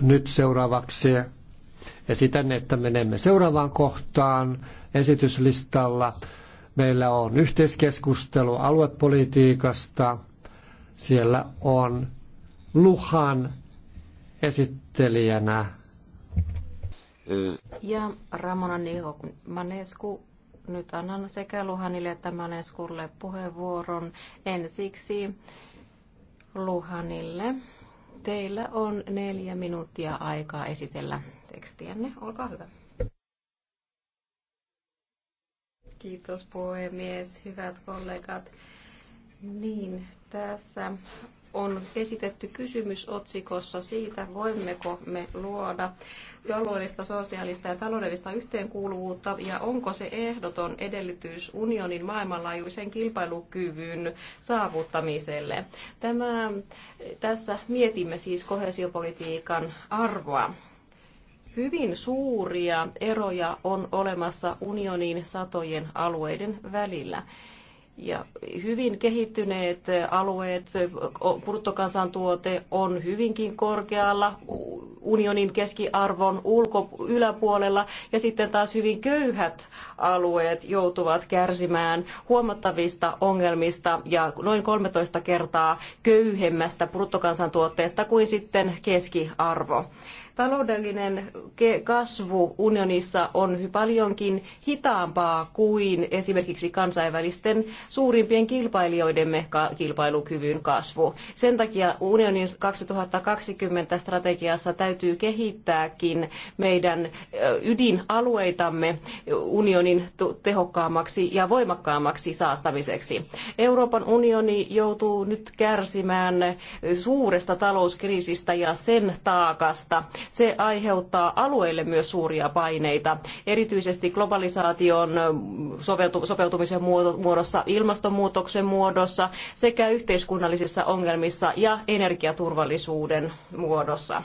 Nyt seuraavaksi esitän, että menemme seuraavaan kohtaan esityslistalla. Meillä on yhteiskeskustelu aluepolitiikasta. Siellä on Luhan esittelijänä. Ja Ramona Niho Manesku, nyt annan sekä Luhanille että Maneskulle puheenvuoron ensiksi Luhanille. Teillä on neljä minuuttia aikaa esitellä tekstiänne. Olkaa hyvä. Kiitos puhemies, hyvät kollegat. Niin, tässä on esitetty kysymys otsikossa siitä, voimmeko me luoda alueellista, sosiaalista ja taloudellista yhteenkuuluvuutta ja onko se ehdoton edellytys unionin maailmanlaajuisen kilpailukyvyn saavuttamiselle. Tämä, tässä mietimme siis kohesiopolitiikan arvoa. Hyvin suuria eroja on olemassa unionin satojen alueiden välillä. Ja hyvin kehittyneet alueet, bruttokansantuote on hyvinkin korkealla unionin keskiarvon ulko, yläpuolella ja sitten taas hyvin köyhät alueet joutuvat kärsimään huomattavista ongelmista ja noin 13 kertaa köyhemmästä bruttokansantuotteesta kuin sitten keskiarvo. Taloudellinen kasvu unionissa on paljonkin hitaampaa kuin esimerkiksi kansainvälisten suurimpien kilpailijoidemme kilpailukyvyn kasvu. Sen takia unionin 2020 strategiassa täytyy kehittääkin meidän ydinalueitamme unionin tehokkaammaksi ja voimakkaammaksi saattamiseksi. Euroopan unioni joutuu nyt kärsimään suuresta talouskriisistä ja sen taakasta, se aiheuttaa alueille myös suuria paineita, erityisesti globalisaation sopeutumisen muodossa, ilmastonmuutoksen muodossa sekä yhteiskunnallisissa ongelmissa ja energiaturvallisuuden muodossa.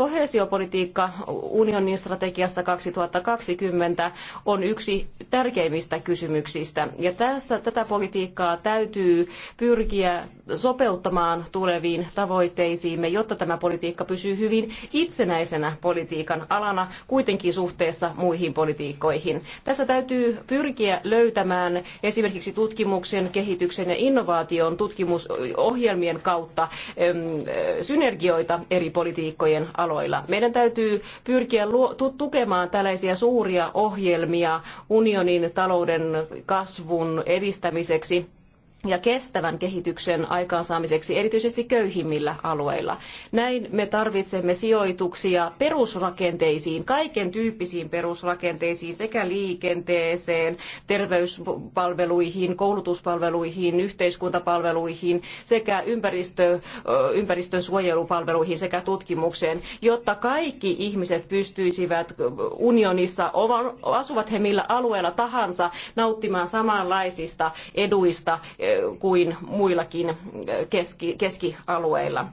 Koheesiopolitiikka unionin strategiassa 2020 on yksi tärkeimmistä kysymyksistä. Ja tässä tätä politiikkaa täytyy pyrkiä sopeuttamaan tuleviin tavoitteisiimme, jotta tämä politiikka pysyy hyvin itsenäisenä politiikan alana kuitenkin suhteessa muihin politiikkoihin. Tässä täytyy pyrkiä löytämään esimerkiksi tutkimuksen, kehityksen ja innovaation tutkimusohjelmien kautta synergioita eri politiikkojen alueilla aloilla. Meidän täytyy pyrkiä tukemaan tällaisia suuria ohjelmia unionin talouden kasvun edistämiseksi ja kestävän kehityksen aikaansaamiseksi erityisesti köyhimmillä alueilla. Näin me tarvitsemme sijoituksia perusrakenteisiin, kaiken tyyppisiin perusrakenteisiin sekä liikenteeseen, terveyspalveluihin, koulutuspalveluihin, yhteiskuntapalveluihin sekä ympäristö, ympäristön suojelupalveluihin sekä tutkimukseen, jotta kaikki ihmiset pystyisivät unionissa, asuvat he millä alueella tahansa, nauttimaan samanlaisista eduista kuin muillakin keski, keskialueilla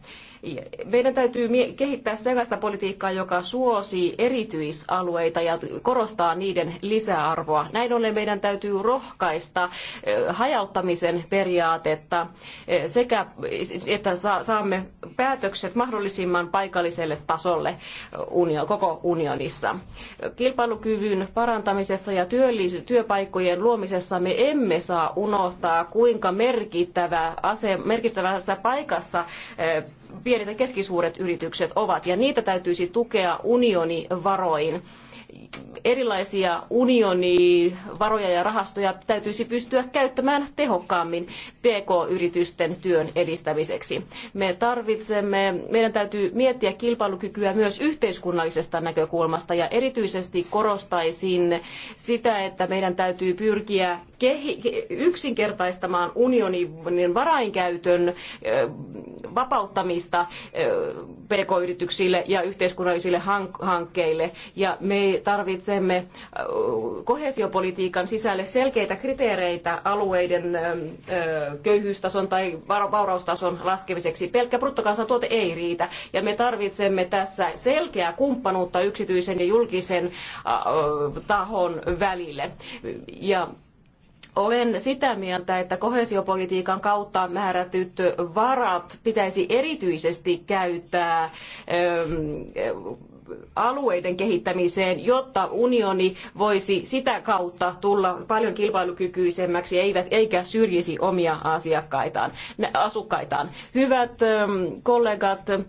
meidän täytyy kehittää sellaista politiikkaa, joka suosii erityisalueita ja korostaa niiden lisäarvoa. Näin ollen meidän täytyy rohkaista eh, hajauttamisen periaatetta eh, sekä, eh, että saamme päätökset mahdollisimman paikalliselle tasolle koko unionissa. Kilpailukyvyn parantamisessa ja työpaikkojen luomisessa me emme saa unohtaa, kuinka merkittävä ase, merkittävässä paikassa pienet ja keskisuuret yritykset ovat, ja niitä täytyisi tukea unionivaroin. Erilaisia unionivaroja ja rahastoja täytyisi pystyä käyttämään tehokkaammin PK-yritysten työn edistämiseksi. Me tarvitsemme, meidän täytyy miettiä kilpailukykyä myös yhteiskunnallisesta näkökulmasta, ja erityisesti korostaisin sitä, että meidän täytyy pyrkiä yksinkertaistamaan unionin varainkäytön vapauttamista pk-yrityksille ja yhteiskunnallisille hankkeille. Ja me tarvitsemme kohesiopolitiikan sisälle selkeitä kriteereitä alueiden köyhyystason tai vauraustason laskemiseksi. Pelkkä bruttokansantuote ei riitä. Ja me tarvitsemme tässä selkeää kumppanuutta yksityisen ja julkisen tahon välille. Ja olen sitä mieltä, että koheesiopolitiikan kautta määrätyt varat pitäisi erityisesti käyttää ähm, alueiden kehittämiseen, jotta unioni voisi sitä kautta tulla paljon kilpailukykyisemmäksi eikä syrjisi omia asiakkaitaan, asukkaitaan. Hyvät ähm, kollegat, äh,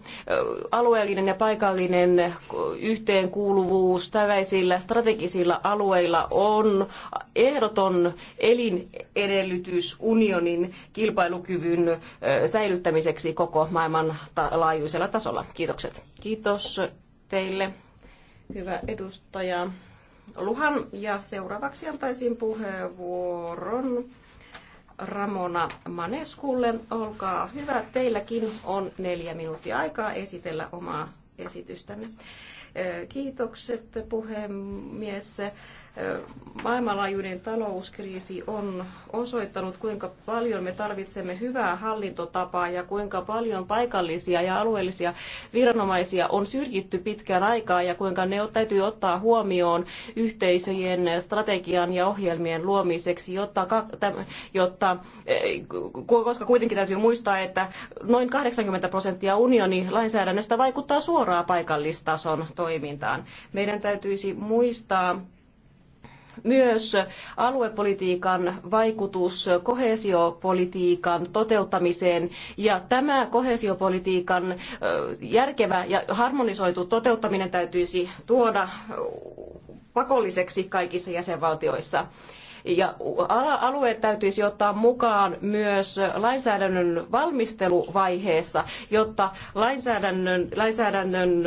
alueellinen ja paikallinen yhteenkuuluvuus tällaisilla strategisilla alueilla on ehdoton elinedellytys unionin kilpailukyvyn äh, säilyttämiseksi koko maailman laajuisella tasolla. Kiitokset. Kiitos teille, hyvä edustaja Luhan. Ja seuraavaksi antaisin puheenvuoron Ramona Maneskulle. Olkaa hyvä, teilläkin on neljä minuuttia aikaa esitellä omaa esitystänne. Kiitokset puhemies. Maailmanlaajuinen talouskriisi on osoittanut, kuinka paljon me tarvitsemme hyvää hallintotapaa ja kuinka paljon paikallisia ja alueellisia viranomaisia on syrjitty pitkään aikaa ja kuinka ne täytyy ottaa huomioon yhteisöjen strategian ja ohjelmien luomiseksi, jotta, jotta e, koska kuitenkin täytyy muistaa, että noin 80 prosenttia unionin lainsäädännöstä vaikuttaa suoraan paikallistason toimintaan. Meidän täytyisi muistaa, myös aluepolitiikan vaikutus kohesiopolitiikan toteuttamiseen ja tämä kohesiopolitiikan järkevä ja harmonisoitu toteuttaminen täytyisi tuoda pakolliseksi kaikissa jäsenvaltioissa. Ja alueet täytyisi ottaa mukaan myös lainsäädännön valmisteluvaiheessa, jotta lainsäädännön, lainsäädännön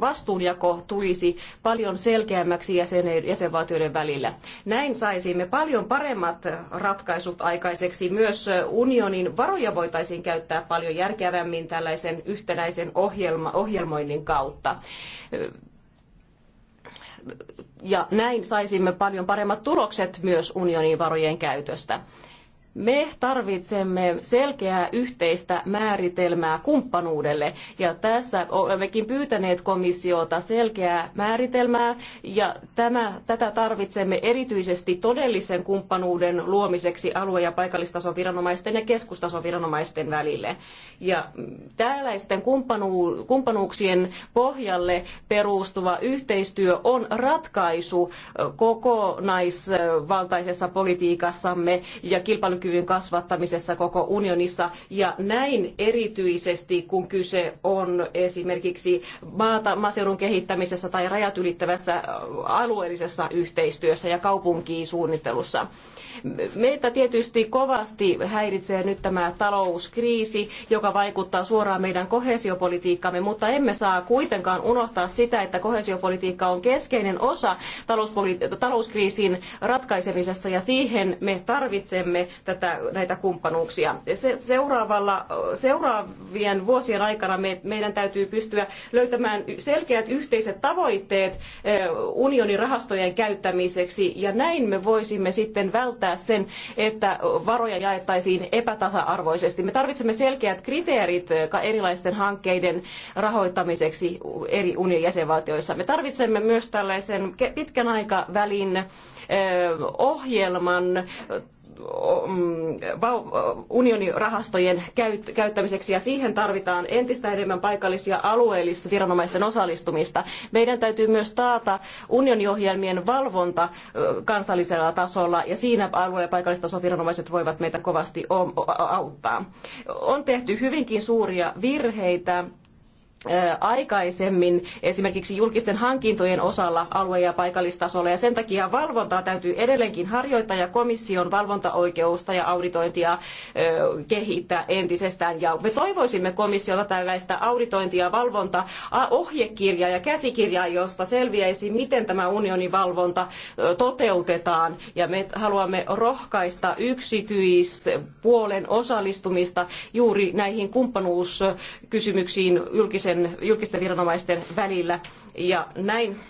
vastuunjako tulisi paljon selkeämmäksi jäsen, jäsenvaltioiden välillä. Näin saisimme paljon paremmat ratkaisut aikaiseksi. Myös unionin varoja voitaisiin käyttää paljon järkevämmin tällaisen yhtenäisen ohjelma, ohjelmoinnin kautta ja näin saisimme paljon paremmat tulokset myös unionin varojen käytöstä. Me tarvitsemme selkeää yhteistä määritelmää kumppanuudelle ja tässä olemmekin pyytäneet komissiota selkeää määritelmää ja tämä, tätä tarvitsemme erityisesti todellisen kumppanuuden luomiseksi alue- ja paikallistason viranomaisten ja keskustason viranomaisten välille. Ja tällaisten kumppanu, kumppanuuksien pohjalle perustuva yhteistyö on ratkaisu kokonaisvaltaisessa politiikassamme ja kilpailukyvyn kilpailukyvyn kasvattamisessa koko unionissa ja näin erityisesti kun kyse on esimerkiksi maata, maaseudun kehittämisessä tai rajat ylittävässä alueellisessa yhteistyössä ja suunnittelussa Meitä tietysti kovasti häiritsee nyt tämä talouskriisi, joka vaikuttaa suoraan meidän kohesiopolitiikkaamme, mutta emme saa kuitenkaan unohtaa sitä, että kohesiopolitiikka on keskeinen osa talouskriisin ratkaisemisessa ja siihen me tarvitsemme tätä tätä, näitä kumppanuuksia. Se, seuraavalla, seuraavien vuosien aikana me, meidän täytyy pystyä löytämään selkeät yhteiset tavoitteet eh, unionin rahastojen käyttämiseksi ja näin me voisimme sitten välttää sen, että varoja jaettaisiin epätasa-arvoisesti. Me tarvitsemme selkeät kriteerit eh, erilaisten hankkeiden rahoittamiseksi eri unionin jäsenvaltioissa. Me tarvitsemme myös tällaisen pitkän aikavälin eh, ohjelman Mm, unionirahastojen käyttämiseksi ja siihen tarvitaan entistä enemmän paikallisia alueellisia viranomaisten osallistumista. Meidän täytyy myös taata unioniohjelmien valvonta kansallisella tasolla ja siinä alue- ja paikallistason viranomaiset voivat meitä kovasti auttaa. On tehty hyvinkin suuria virheitä aikaisemmin esimerkiksi julkisten hankintojen osalla alue- ja paikallistasolla ja sen takia valvontaa täytyy edelleenkin harjoittaa ja komission valvontaoikeusta ja auditointia kehittää entisestään ja me toivoisimme komissiolta tällaista auditointia, valvonta, ohjekirjaa ja käsikirjaa, josta selviäisi, miten tämä unionin valvonta toteutetaan ja me haluamme rohkaista yksityispuolen osallistumista juuri näihin kumppanuuskysymyksiin julkisen julkisten viranomaisten välillä. Ja näin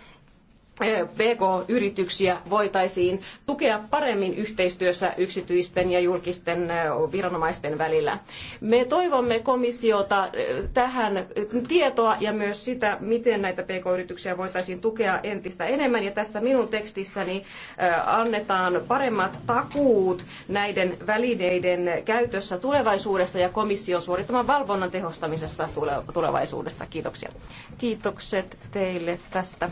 PK-yrityksiä voitaisiin tukea paremmin yhteistyössä yksityisten ja julkisten viranomaisten välillä. Me toivomme komissiota tähän tietoa ja myös sitä, miten näitä PK-yrityksiä voitaisiin tukea entistä enemmän. Ja tässä minun tekstissäni annetaan paremmat takuut näiden välineiden käytössä tulevaisuudessa ja komission suorittaman valvonnan tehostamisessa tulevaisuudessa. Kiitoksia. Kiitokset teille tästä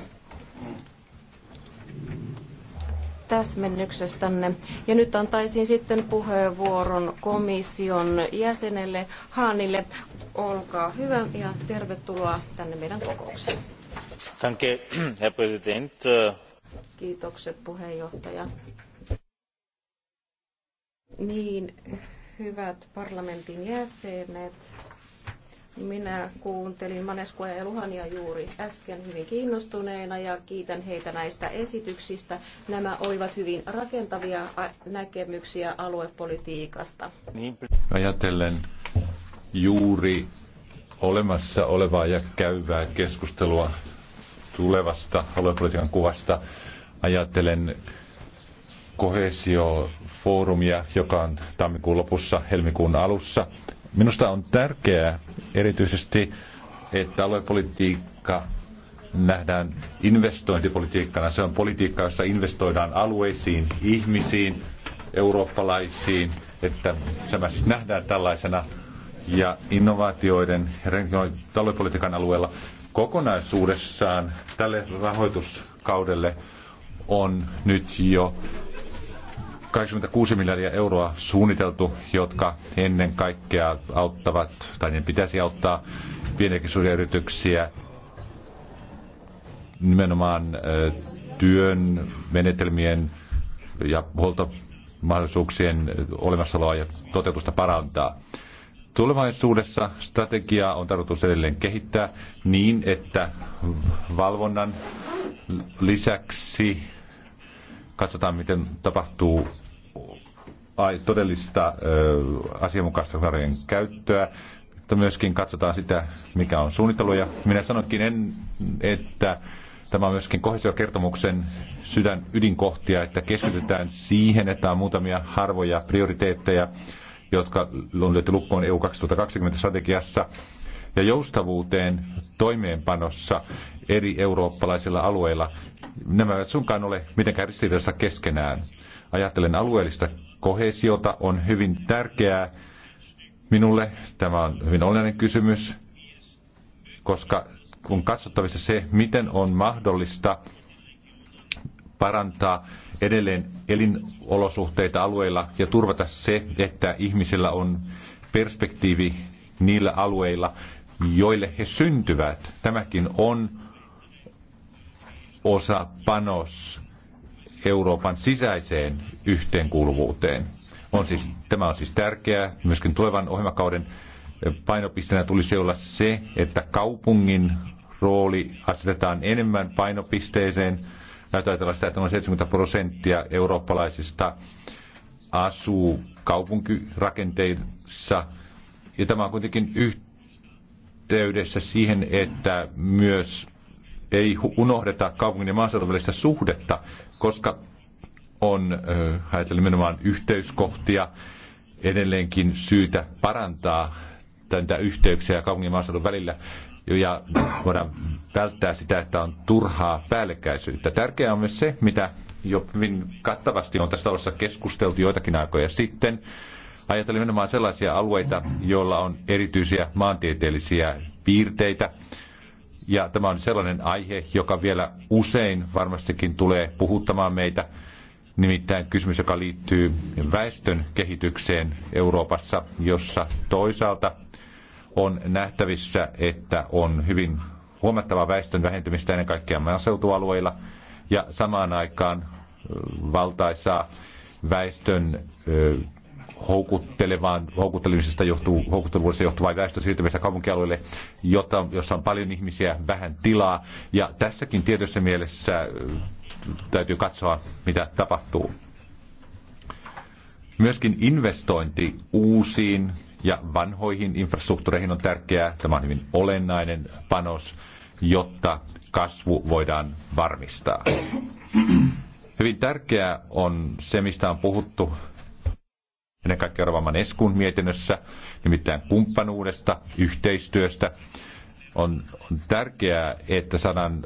täsmennyksestänne. Ja nyt antaisin sitten puheenvuoron komission jäsenelle Haanille. Olkaa hyvä ja tervetuloa tänne meidän kokoukseen. Danke, Herr Präsident. Kiitokset puheenjohtaja. Niin, hyvät parlamentin jäsenet, minä kuuntelin Maneskoa ja Luhania juuri äsken hyvin kiinnostuneena ja kiitän heitä näistä esityksistä. Nämä olivat hyvin rakentavia näkemyksiä aluepolitiikasta. Ajatellen juuri olemassa olevaa ja käyvää keskustelua tulevasta aluepolitiikan kuvasta. Ajattelen kohesiofoorumia, joka on tammikuun lopussa, helmikuun alussa – Minusta on tärkeää erityisesti, että aluepolitiikka nähdään investointipolitiikkana. Se on politiikka, jossa investoidaan alueisiin, ihmisiin, eurooppalaisiin, että tämä siis nähdään tällaisena ja innovaatioiden ja talouspolitiikan alueella kokonaisuudessaan tälle rahoituskaudelle on nyt jo 86 miljardia euroa suunniteltu, jotka ennen kaikkea auttavat, tai niiden pitäisi auttaa pieniäkin suuria yrityksiä nimenomaan työn, menetelmien ja huoltomahdollisuuksien olemassaoloa ja toteutusta parantaa. Tulevaisuudessa strategiaa on tarkoitus edelleen kehittää niin, että valvonnan lisäksi katsotaan, miten tapahtuu todellista asianmukaista varojen käyttöä, mutta myöskin katsotaan sitä, mikä on suunnittelu. Ja minä sanonkin, en, että tämä on myöskin kohesiokertomuksen sydän ydinkohtia, että keskitytään siihen, että on muutamia harvoja prioriteetteja, jotka on löyty lukkoon EU 2020 strategiassa, ja joustavuuteen toimeenpanossa eri eurooppalaisilla alueilla. Nämä eivät sunkaan ole mitenkään ristiriidassa keskenään. Ajattelen alueellista kohesiota on hyvin tärkeää minulle. Tämä on hyvin olennainen kysymys, koska kun katsottavissa se, miten on mahdollista parantaa edelleen elinolosuhteita alueilla ja turvata se, että ihmisillä on perspektiivi niillä alueilla, joille he syntyvät. Tämäkin on osa panos Euroopan sisäiseen yhteenkuuluvuuteen. On siis, tämä on siis tärkeää. Myöskin tulevan ohjelmakauden painopisteenä tulisi olla se, että kaupungin rooli asetetaan enemmän painopisteeseen. Näytä ajatella sitä, että noin 70 prosenttia eurooppalaisista asuu kaupunkirakenteissa. Ja tämä on kuitenkin yhteen yhteydessä siihen, että myös ei unohdeta kaupungin ja maaseudun välistä suhdetta, koska on, ajatellen nimenomaan yhteyskohtia, edelleenkin syytä parantaa tätä yhteyksiä kaupungin ja maaseudun välillä ja voidaan välttää sitä, että on turhaa päällekkäisyyttä. Tärkeää on myös se, mitä jo hyvin kattavasti on tässä talossa keskusteltu joitakin aikoja sitten, ajatellen nimenomaan sellaisia alueita, joilla on erityisiä maantieteellisiä piirteitä. Ja tämä on sellainen aihe, joka vielä usein varmastikin tulee puhuttamaan meitä, nimittäin kysymys, joka liittyy väestön kehitykseen Euroopassa, jossa toisaalta on nähtävissä, että on hyvin huomattava väestön vähentymistä ennen kaikkea maaseutualueilla ja samaan aikaan valtaisaa väestön houkuttelevaan, houkuttelemisesta johtuu, houkuttelevuudesta johtuvaa väestön siirtymistä kaupunkialueille, jota, jossa on paljon ihmisiä, vähän tilaa. Ja tässäkin tietyssä mielessä äh, täytyy katsoa, mitä tapahtuu. Myöskin investointi uusiin ja vanhoihin infrastruktuureihin on tärkeää. Tämä on hyvin olennainen panos, jotta kasvu voidaan varmistaa. Hyvin tärkeää on se, mistä on puhuttu ennen kaikkea Rovaman Eskun mietinnössä, nimittäin kumppanuudesta, yhteistyöstä. On, on tärkeää, että saadaan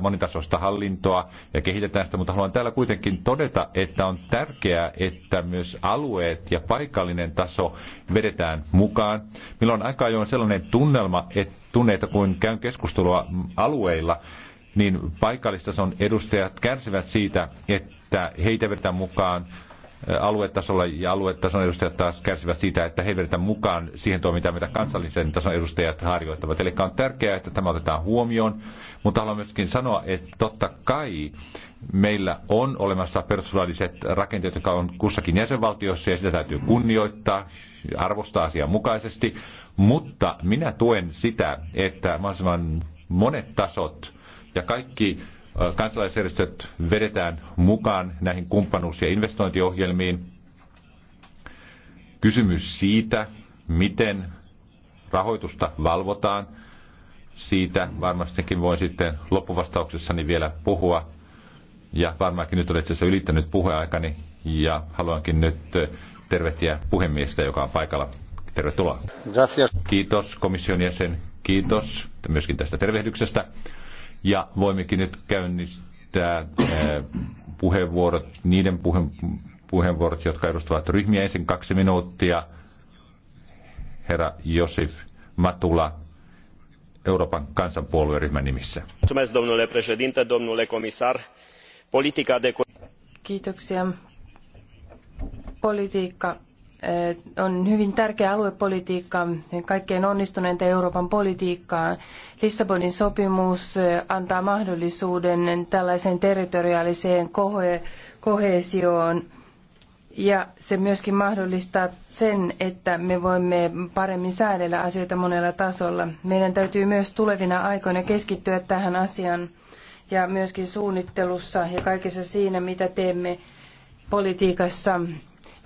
monitasoista, hallintoa ja kehitetään sitä, mutta haluan täällä kuitenkin todeta, että on tärkeää, että myös alueet ja paikallinen taso vedetään mukaan. Meillä on aika ajoin sellainen tunnelma, että tunneita kuin käyn keskustelua alueilla, niin paikallistason edustajat kärsivät siitä, että heitä vedetään mukaan aluetasolla ja aluetason edustajat taas kärsivät siitä, että he vedetään mukaan siihen toimintaan, mitä kansallisen tason edustajat harjoittavat. Eli on tärkeää, että tämä otetaan huomioon, mutta haluan myöskin sanoa, että totta kai meillä on olemassa perustuslailliset rakenteet, jotka on kussakin jäsenvaltiossa ja sitä täytyy kunnioittaa, arvostaa asian mukaisesti, mutta minä tuen sitä, että mahdollisimman monet tasot ja kaikki kansalaisjärjestöt vedetään mukaan näihin kumppanuus- ja investointiohjelmiin. Kysymys siitä, miten rahoitusta valvotaan, siitä varmastikin voin sitten loppuvastauksessani vielä puhua. Ja varmaankin nyt olen itse asiassa ylittänyt puheaikani ja haluankin nyt tervehtiä puhemiestä, joka on paikalla. Tervetuloa. Gracias. Kiitos komission jäsen. Kiitos myöskin tästä tervehdyksestä ja voimmekin nyt käynnistää puheenvuorot, niiden puhe, puheenvuorot, jotka edustavat ryhmiä ensin kaksi minuuttia. Herra Josif Matula, Euroopan kansanpuolueryhmän nimissä. Kiitoksia. Politiikka on hyvin tärkeä aluepolitiikka, kaikkein onnistuneinta Euroopan politiikkaa. Lissabonin sopimus antaa mahdollisuuden tällaiseen territoriaaliseen koheesioon ja se myöskin mahdollistaa sen, että me voimme paremmin säädellä asioita monella tasolla. Meidän täytyy myös tulevina aikoina keskittyä tähän asiaan ja myöskin suunnittelussa ja kaikessa siinä, mitä teemme politiikassa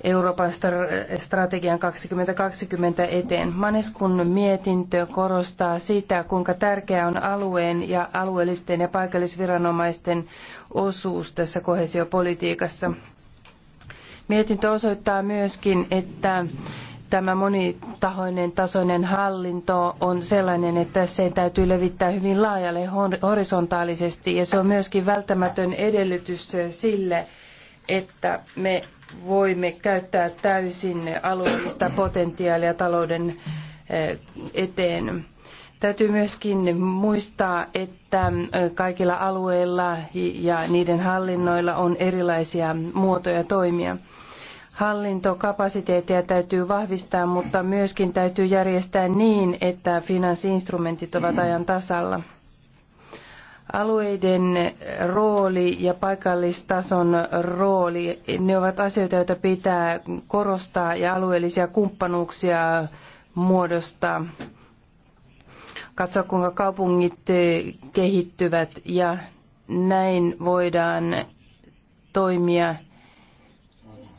Euroopan strategian 2020 eteen. Maneskun mietintö korostaa sitä, kuinka tärkeää on alueen ja alueellisten ja paikallisviranomaisten osuus tässä koheesiopolitiikassa. Mietintö osoittaa myöskin, että tämä monitahoinen tasoinen hallinto on sellainen, että se täytyy levittää hyvin laajalle horisontaalisesti ja se on myöskin välttämätön edellytys sille, että me voimme käyttää täysin alueellista potentiaalia talouden eh, eteen. Täytyy myöskin muistaa, että eh, kaikilla alueilla ja niiden hallinnoilla on erilaisia muotoja toimia. Hallintokapasiteettia täytyy vahvistaa, mutta myöskin täytyy järjestää niin, että finanssiinstrumentit ovat ajan tasalla. Alueiden rooli ja paikallistason rooli, ne ovat asioita, joita pitää korostaa ja alueellisia kumppanuuksia muodostaa. Katsoa, kuinka kaupungit kehittyvät ja näin voidaan toimia.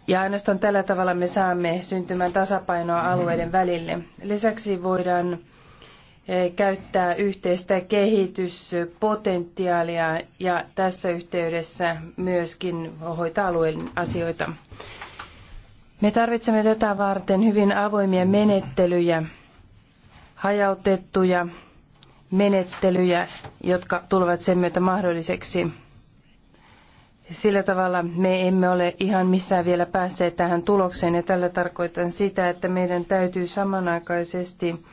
Ja ainoastaan tällä tavalla me saamme syntymään tasapainoa alueiden välille. Lisäksi voidaan Eh, käyttää yhteistä kehityspotentiaalia ja tässä yhteydessä myöskin hoitaa alueen asioita. Me tarvitsemme tätä varten hyvin avoimia menettelyjä, hajautettuja menettelyjä, jotka tulevat sen myötä mahdolliseksi. Sillä tavalla me emme ole ihan missään vielä päässeet tähän tulokseen ja tällä tarkoitan sitä, että meidän täytyy samanaikaisesti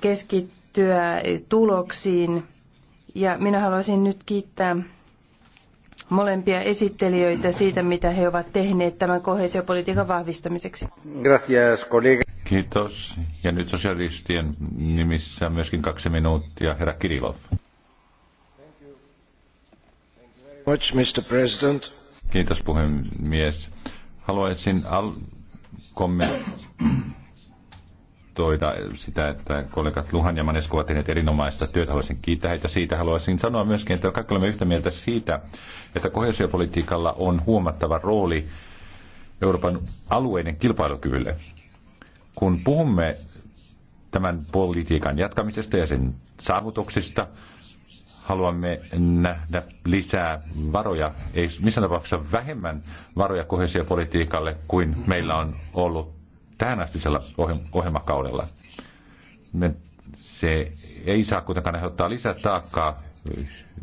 keskittyä tuloksiin. Ja minä haluaisin nyt kiittää molempia esittelijöitä siitä, mitä he ovat tehneet tämän kohesiopolitiikan vahvistamiseksi. Gracias, Kiitos. Ja nyt sosialistien nimissä myöskin kaksi minuuttia. Herra Kirilov. Much, Mr. President. Kiitos puhemies. Haluaisin al- kommentoida kommentoida sitä, että kollegat Luhan ja Manesku ovat tehneet erinomaista työtä. Haluaisin kiittää heitä siitä. Haluaisin sanoa myöskin, että kaikki olemme yhtä mieltä siitä, että kohesiopolitiikalla on huomattava rooli Euroopan alueiden kilpailukyvylle. Kun puhumme tämän politiikan jatkamisesta ja sen saavutuksista, haluamme nähdä lisää varoja, ei missään tapauksessa vähemmän varoja kohesiopolitiikalle kuin meillä on ollut tähän asti astisella ohjelmakaudella. Se ei saa kuitenkaan aiheuttaa lisää taakkaa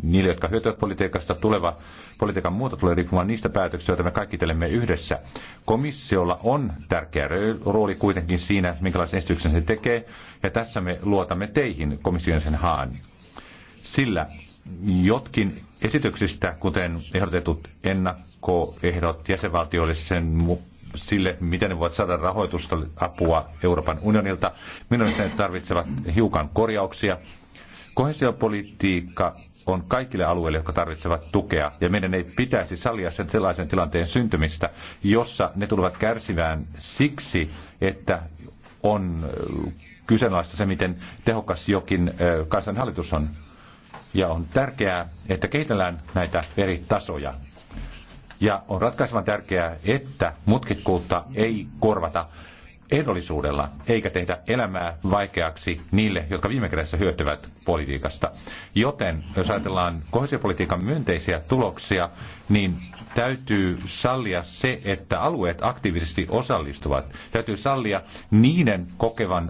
niille, jotka hyötyvät politiikasta. Tuleva politiikan muuta tulee riippumaan niistä päätöksistä, joita me kaikki teemme yhdessä. Komissiolla on tärkeä rooli kuitenkin siinä, minkälaisen esityksen se tekee, ja tässä me luotamme teihin komission sen haan. Sillä jotkin esityksistä, kuten ehdotetut ennakkoehdot jäsenvaltioille sen sille, miten ne voivat saada rahoitusta apua Euroopan unionilta. milloin ne tarvitsevat hiukan korjauksia. Kohesiopolitiikka on kaikille alueille, jotka tarvitsevat tukea, ja meidän ei pitäisi sallia sen sellaisen tilanteen syntymistä, jossa ne tulevat kärsivään siksi, että on äh, kyseenalaista se, miten tehokas jokin äh, kansanhallitus on. Ja on tärkeää, että kehitellään näitä eri tasoja. Ja on ratkaisevan tärkeää, että mutkikkuutta ei korvata ehdollisuudella, eikä tehdä elämää vaikeaksi niille, jotka viime kädessä hyötyvät politiikasta. Joten jos ajatellaan kohesiopolitiikan myönteisiä tuloksia, niin täytyy sallia se, että alueet aktiivisesti osallistuvat. Täytyy sallia niiden kokevan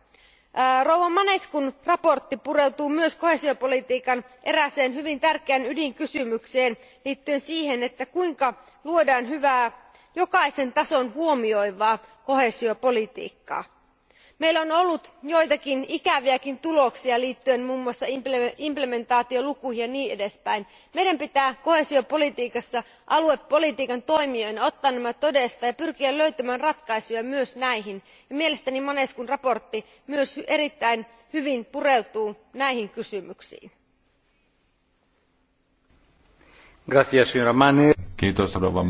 rouva manescun mietintö pureutuu myös koheesiopolitiikan erääseen hyvin tärkeään ydinkysymykseen liittyen siihen kuinka luodaan hyvää jokaisen tason huomioivaa koheesiopolitiikkaa meillä on ollut joitakin ikäviäkin tuloksia liittyen muun muassa implementaatiolukuihin ja niin edespäin. meidän pitää koheesiopolitiikassa aluepolitiikan toimijoina ottaa nämä todesta ja pyrkiä löytämään ratkaisuja myös näihin ja mielestäni manescun mietintö myös erittäin hyvin pureutuu näihin kysymyksiin. Kiitos, Rova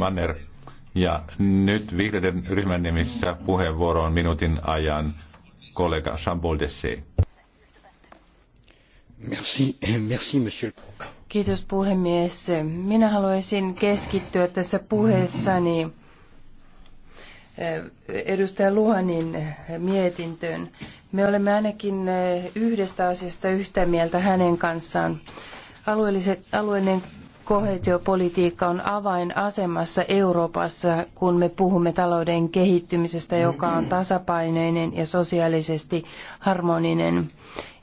Ja nyt vihreiden ryhmän nimissä puheenvuoro on minuutin ajan kollega Jean-Paul Merci, merci, monsieur. Kiitos puhemies. Minä haluaisin keskittyä tässä puheessani eh, edustaja Luhanin eh, mietintöön. Me olemme ainakin eh, yhdestä asiasta yhtä mieltä hänen kanssaan. Alueelliset, alueellinen kohetiopolitiikka on avainasemassa Euroopassa, kun me puhumme talouden kehittymisestä, joka on tasapainoinen ja sosiaalisesti harmoninen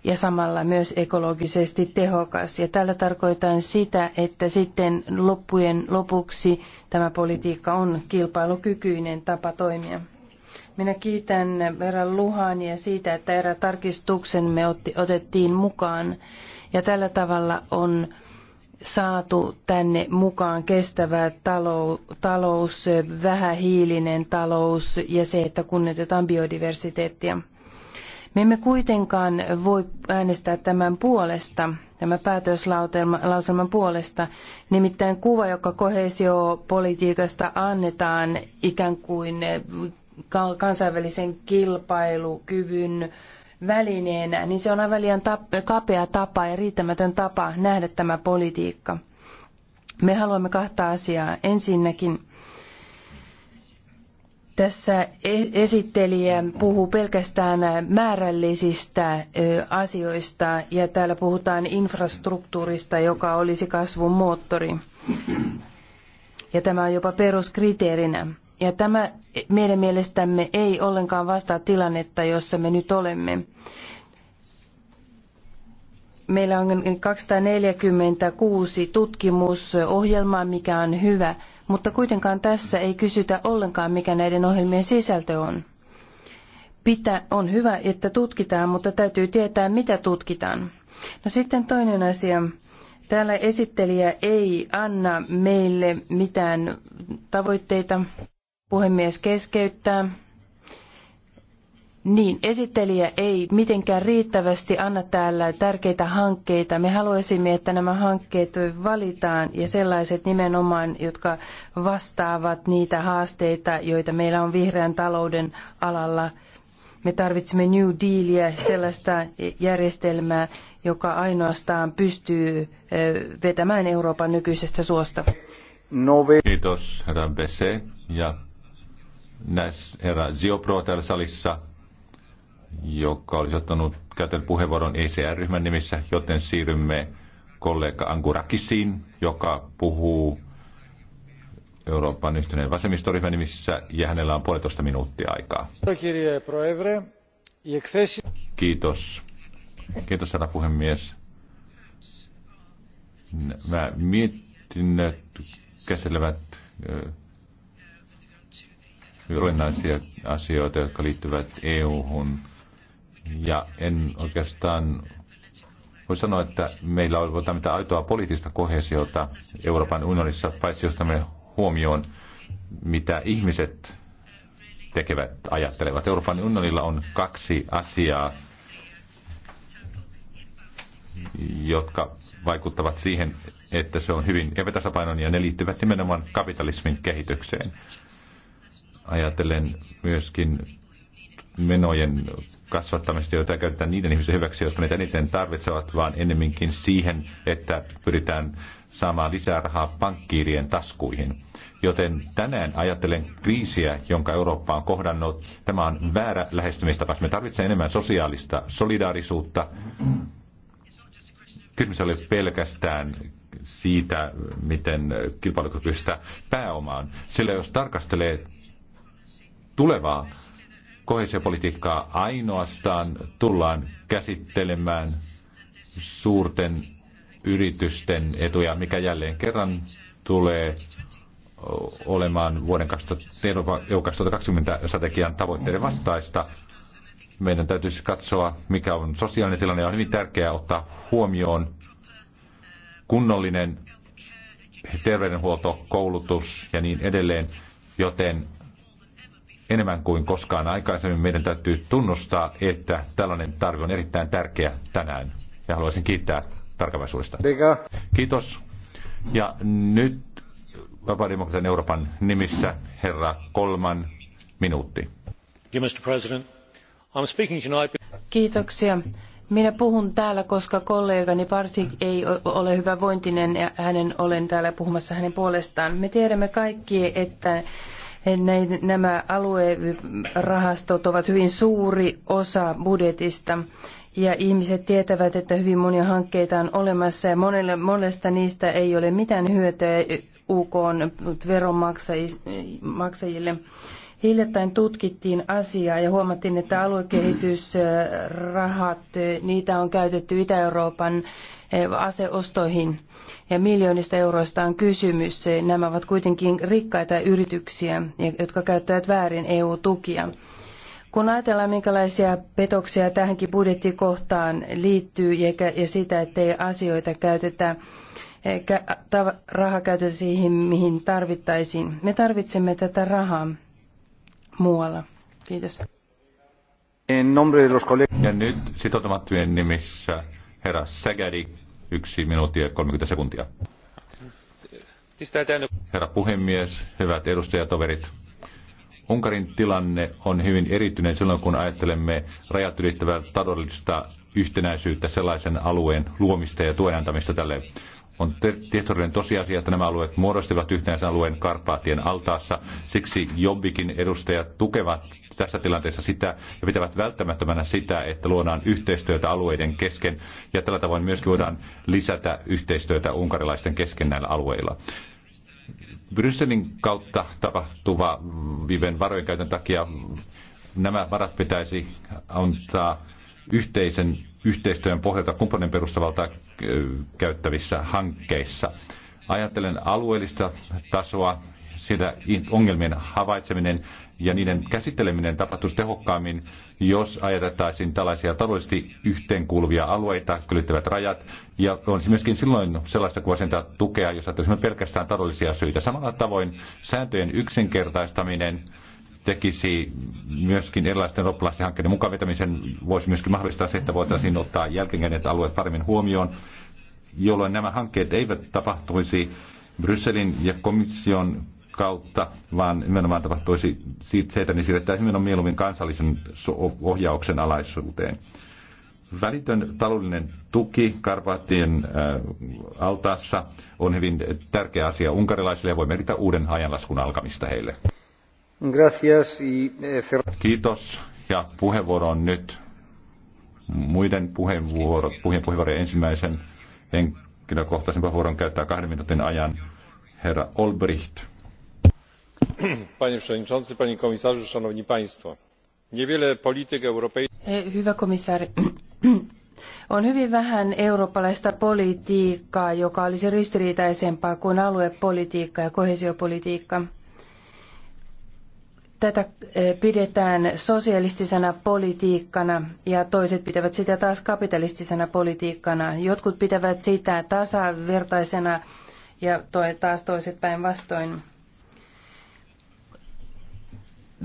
ja samalla myös ekologisesti tehokas. Ja tällä tarkoitan sitä, että sitten loppujen lopuksi tämä politiikka on kilpailukykyinen tapa toimia. Minä kiitän verran Luhania siitä, että erä tarkistuksemme otti, otettiin mukaan. Ja tällä tavalla on saatu tänne mukaan kestävä talous, talous vähähiilinen talous ja se, että kunnioitetaan biodiversiteettia. Me emme kuitenkaan voi äänestää tämän puolesta, tämän päätöslauselman puolesta. Nimittäin kuva, joka kohesiopolitiikasta annetaan ikään kuin kansainvälisen kilpailukyvyn välineenä, niin se on aivan liian tap- kapea tapa ja riittämätön tapa nähdä tämä politiikka. Me haluamme kahta asiaa. Ensinnäkin tässä e-, esittelijä puhuu pelkästään määrällisistä asioista ja täällä puhutaan infrastruktuurista, joka olisi kasvun moottori. Ja tämä on jopa peruskriteerinä. Ja tämä meidän mielestämme ei ollenkaan vastaa tilannetta, jossa me nyt olemme. Meillä on 246 tutkimusohjelmaa, mikä on hyvä, mutta kuitenkaan tässä ei kysytä ollenkaan, mikä näiden ohjelmien sisältö on. Pitä, on hyvä, että tutkitaan, mutta täytyy tietää, mitä tutkitaan. No sitten toinen asia. Täällä esittelijä ei anna meille mitään tavoitteita Puhemies keskeyttää. Niin, esittelijä ei mitenkään riittävästi anna täällä tärkeitä hankkeita. Me haluaisimme, että nämä hankkeet valitaan ja sellaiset nimenomaan, jotka vastaavat niitä haasteita, joita meillä on vihreän talouden alalla. Me tarvitsemme New Dealia, sellaista järjestelmää, joka ainoastaan pystyy vetämään Euroopan nykyisestä suosta. Kiitos, herra Ja näissä herra Ziopro täällä salissa, joka olisi ottanut käytön puheenvuoron ECR-ryhmän nimissä, joten siirrymme kollega Angurakisiin, joka puhuu Euroopan yhtenäinen vasemmistoryhmän nimissä, ja hänellä on puolitoista minuuttia aikaa. Kiitos. Kiitos, herra puhemies. mietin, että käsittelevät olennaisia asioita, jotka liittyvät EU-hun. Ja en oikeastaan voi sanoa, että meillä on mitään aitoa poliittista kohesiota Euroopan unionissa, paitsi jos me huomioon, mitä ihmiset tekevät, ajattelevat. Euroopan unionilla on kaksi asiaa, jotka vaikuttavat siihen, että se on hyvin epätasapainoinen ja ne liittyvät nimenomaan kapitalismin kehitykseen ajatellen myöskin menojen kasvattamista, joita käytetään niiden ihmisten hyväksi, jotka niitä eniten tarvitsevat, vaan ennemminkin siihen, että pyritään saamaan lisää rahaa pankkiirien taskuihin. Joten tänään ajattelen kriisiä, jonka Eurooppa on kohdannut. Tämä on väärä lähestymistapa. Me tarvitsemme enemmän sosiaalista solidaarisuutta. Kysymys oli pelkästään siitä, miten kilpailukykyistä pääomaan. Sillä jos tarkastelee tulevaa kohesiopolitiikkaa ainoastaan tullaan käsittelemään suurten yritysten etuja, mikä jälleen kerran tulee olemaan vuoden 2020 strategian tavoitteiden vastaista. Meidän täytyisi katsoa, mikä on sosiaalinen tilanne. On hyvin tärkeää ottaa huomioon kunnollinen terveydenhuolto, koulutus ja niin edelleen, joten enemmän kuin koskaan aikaisemmin meidän täytyy tunnustaa, että tällainen tarve on erittäin tärkeä tänään. Ja haluaisin kiittää tarkavaisuudesta. Kiitos. Ja nyt Vapaa-demokratian Euroopan nimissä herra Kolman minuutti. Kiitoksia. Minä puhun täällä, koska kollegani Parsi ei ole hyvä ja hänen olen täällä puhumassa hänen puolestaan. Me tiedämme kaikki, että Nämä aluerahastot ovat hyvin suuri osa budjetista ja ihmiset tietävät, että hyvin monia hankkeita on olemassa ja monelle, monesta niistä ei ole mitään hyötyä UK veronmaksajille. Hiljattain tutkittiin asiaa ja huomattiin, että aluekehitysrahat, niitä on käytetty Itä-Euroopan aseostoihin ja miljoonista euroista on kysymys. Nämä ovat kuitenkin rikkaita yrityksiä, jotka käyttävät väärin EU-tukia. Kun ajatellaan, minkälaisia petoksia tähänkin budjettikohtaan liittyy ja sitä, ettei asioita käytetä eikä raha käytetä siihen, mihin tarvittaisiin. Me tarvitsemme tätä rahaa muualla. Kiitos. En Ja nyt sitoutumattujen nimissä herra Sägädi, yksi minuutti ja 30 sekuntia. Herra puhemies, hyvät edustajatoverit. Unkarin tilanne on hyvin erityinen silloin, kun ajattelemme rajat ylittävää taloudellista yhtenäisyyttä sellaisen alueen luomista ja tuen antamista tälle on tietoinen tosiasia, että nämä alueet muodostivat yhteensä alueen Karpaatien altaassa. Siksi Jobbikin edustajat tukevat tässä tilanteessa sitä ja pitävät välttämättömänä sitä, että luodaan yhteistyötä alueiden kesken ja tällä tavoin myöskin voidaan lisätä yhteistyötä unkarilaisten kesken näillä alueilla. Brysselin kautta tapahtuva viven varojen käytön takia nämä varat pitäisi antaa yhteisen yhteistyön pohjalta kumppanin perustavalta käyttävissä hankkeissa. Ajattelen alueellista tasoa, sitä ongelmien havaitseminen ja niiden käsitteleminen tapahtuisi tehokkaammin, jos ajateltaisiin tällaisia taloudellisesti yhteenkuuluvia alueita, jotka ylittävät rajat. Ja olisi myöskin silloin sellaista kuin tukea, jos ajattelisimme pelkästään taloudellisia syitä. Samalla tavoin sääntöjen yksinkertaistaminen tekisi myöskin erilaisten oppilaisten hankkeiden mukaan vetämisen, voisi myöskin mahdollistaa se, että voitaisiin ottaa jälkikäteen alueet paremmin huomioon, jolloin nämä hankkeet eivät tapahtuisi Brysselin ja komission kautta, vaan nimenomaan tapahtuisi siitä, että ne siirrettäisiin nimenomaan mieluummin kansallisen ohjauksen alaisuuteen. Välitön taloudellinen tuki Karpaattien äh, altaassa on hyvin tärkeä asia unkarilaisille ja voi merkitä uuden ajanlaskun alkamista heille. Eh, Kiitos. Ja puheenvuoro on nyt muiden puheenvuorot, puheen puheenvuorojen ensimmäisen henkilökohtaisen puheenvuoron käyttää kahden minuutin ajan herra Olbricht. Panie przewodniczący, panie komisarzu, szanowni państwo. Niewiele polityk europejskich... E, hyvä komissaari, on hyvin vähän eurooppalaista politiikkaa, joka olisi ristiriitaisempaa kuin aluepolitiikka ja kohesiopolitiikka. Tätä e, pidetään sosialistisena politiikkana ja toiset pitävät sitä taas kapitalistisena politiikkana. Jotkut pitävät sitä tasavertaisena ja toi, taas toiset päinvastoin.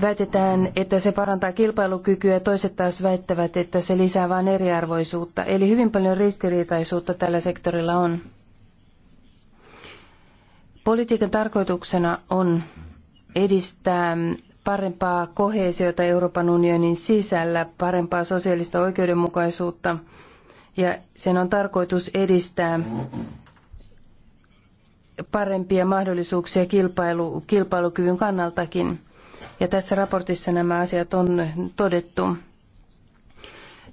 Väitetään, että se parantaa kilpailukykyä ja toiset taas väittävät, että se lisää vain eriarvoisuutta. Eli hyvin paljon ristiriitaisuutta tällä sektorilla on. Politiikan tarkoituksena on edistää parempaa kohesiota Euroopan unionin sisällä, parempaa sosiaalista oikeudenmukaisuutta ja sen on tarkoitus edistää parempia mahdollisuuksia kilpailu, kilpailukyvyn kannaltakin. Ja tässä raportissa nämä asiat on todettu.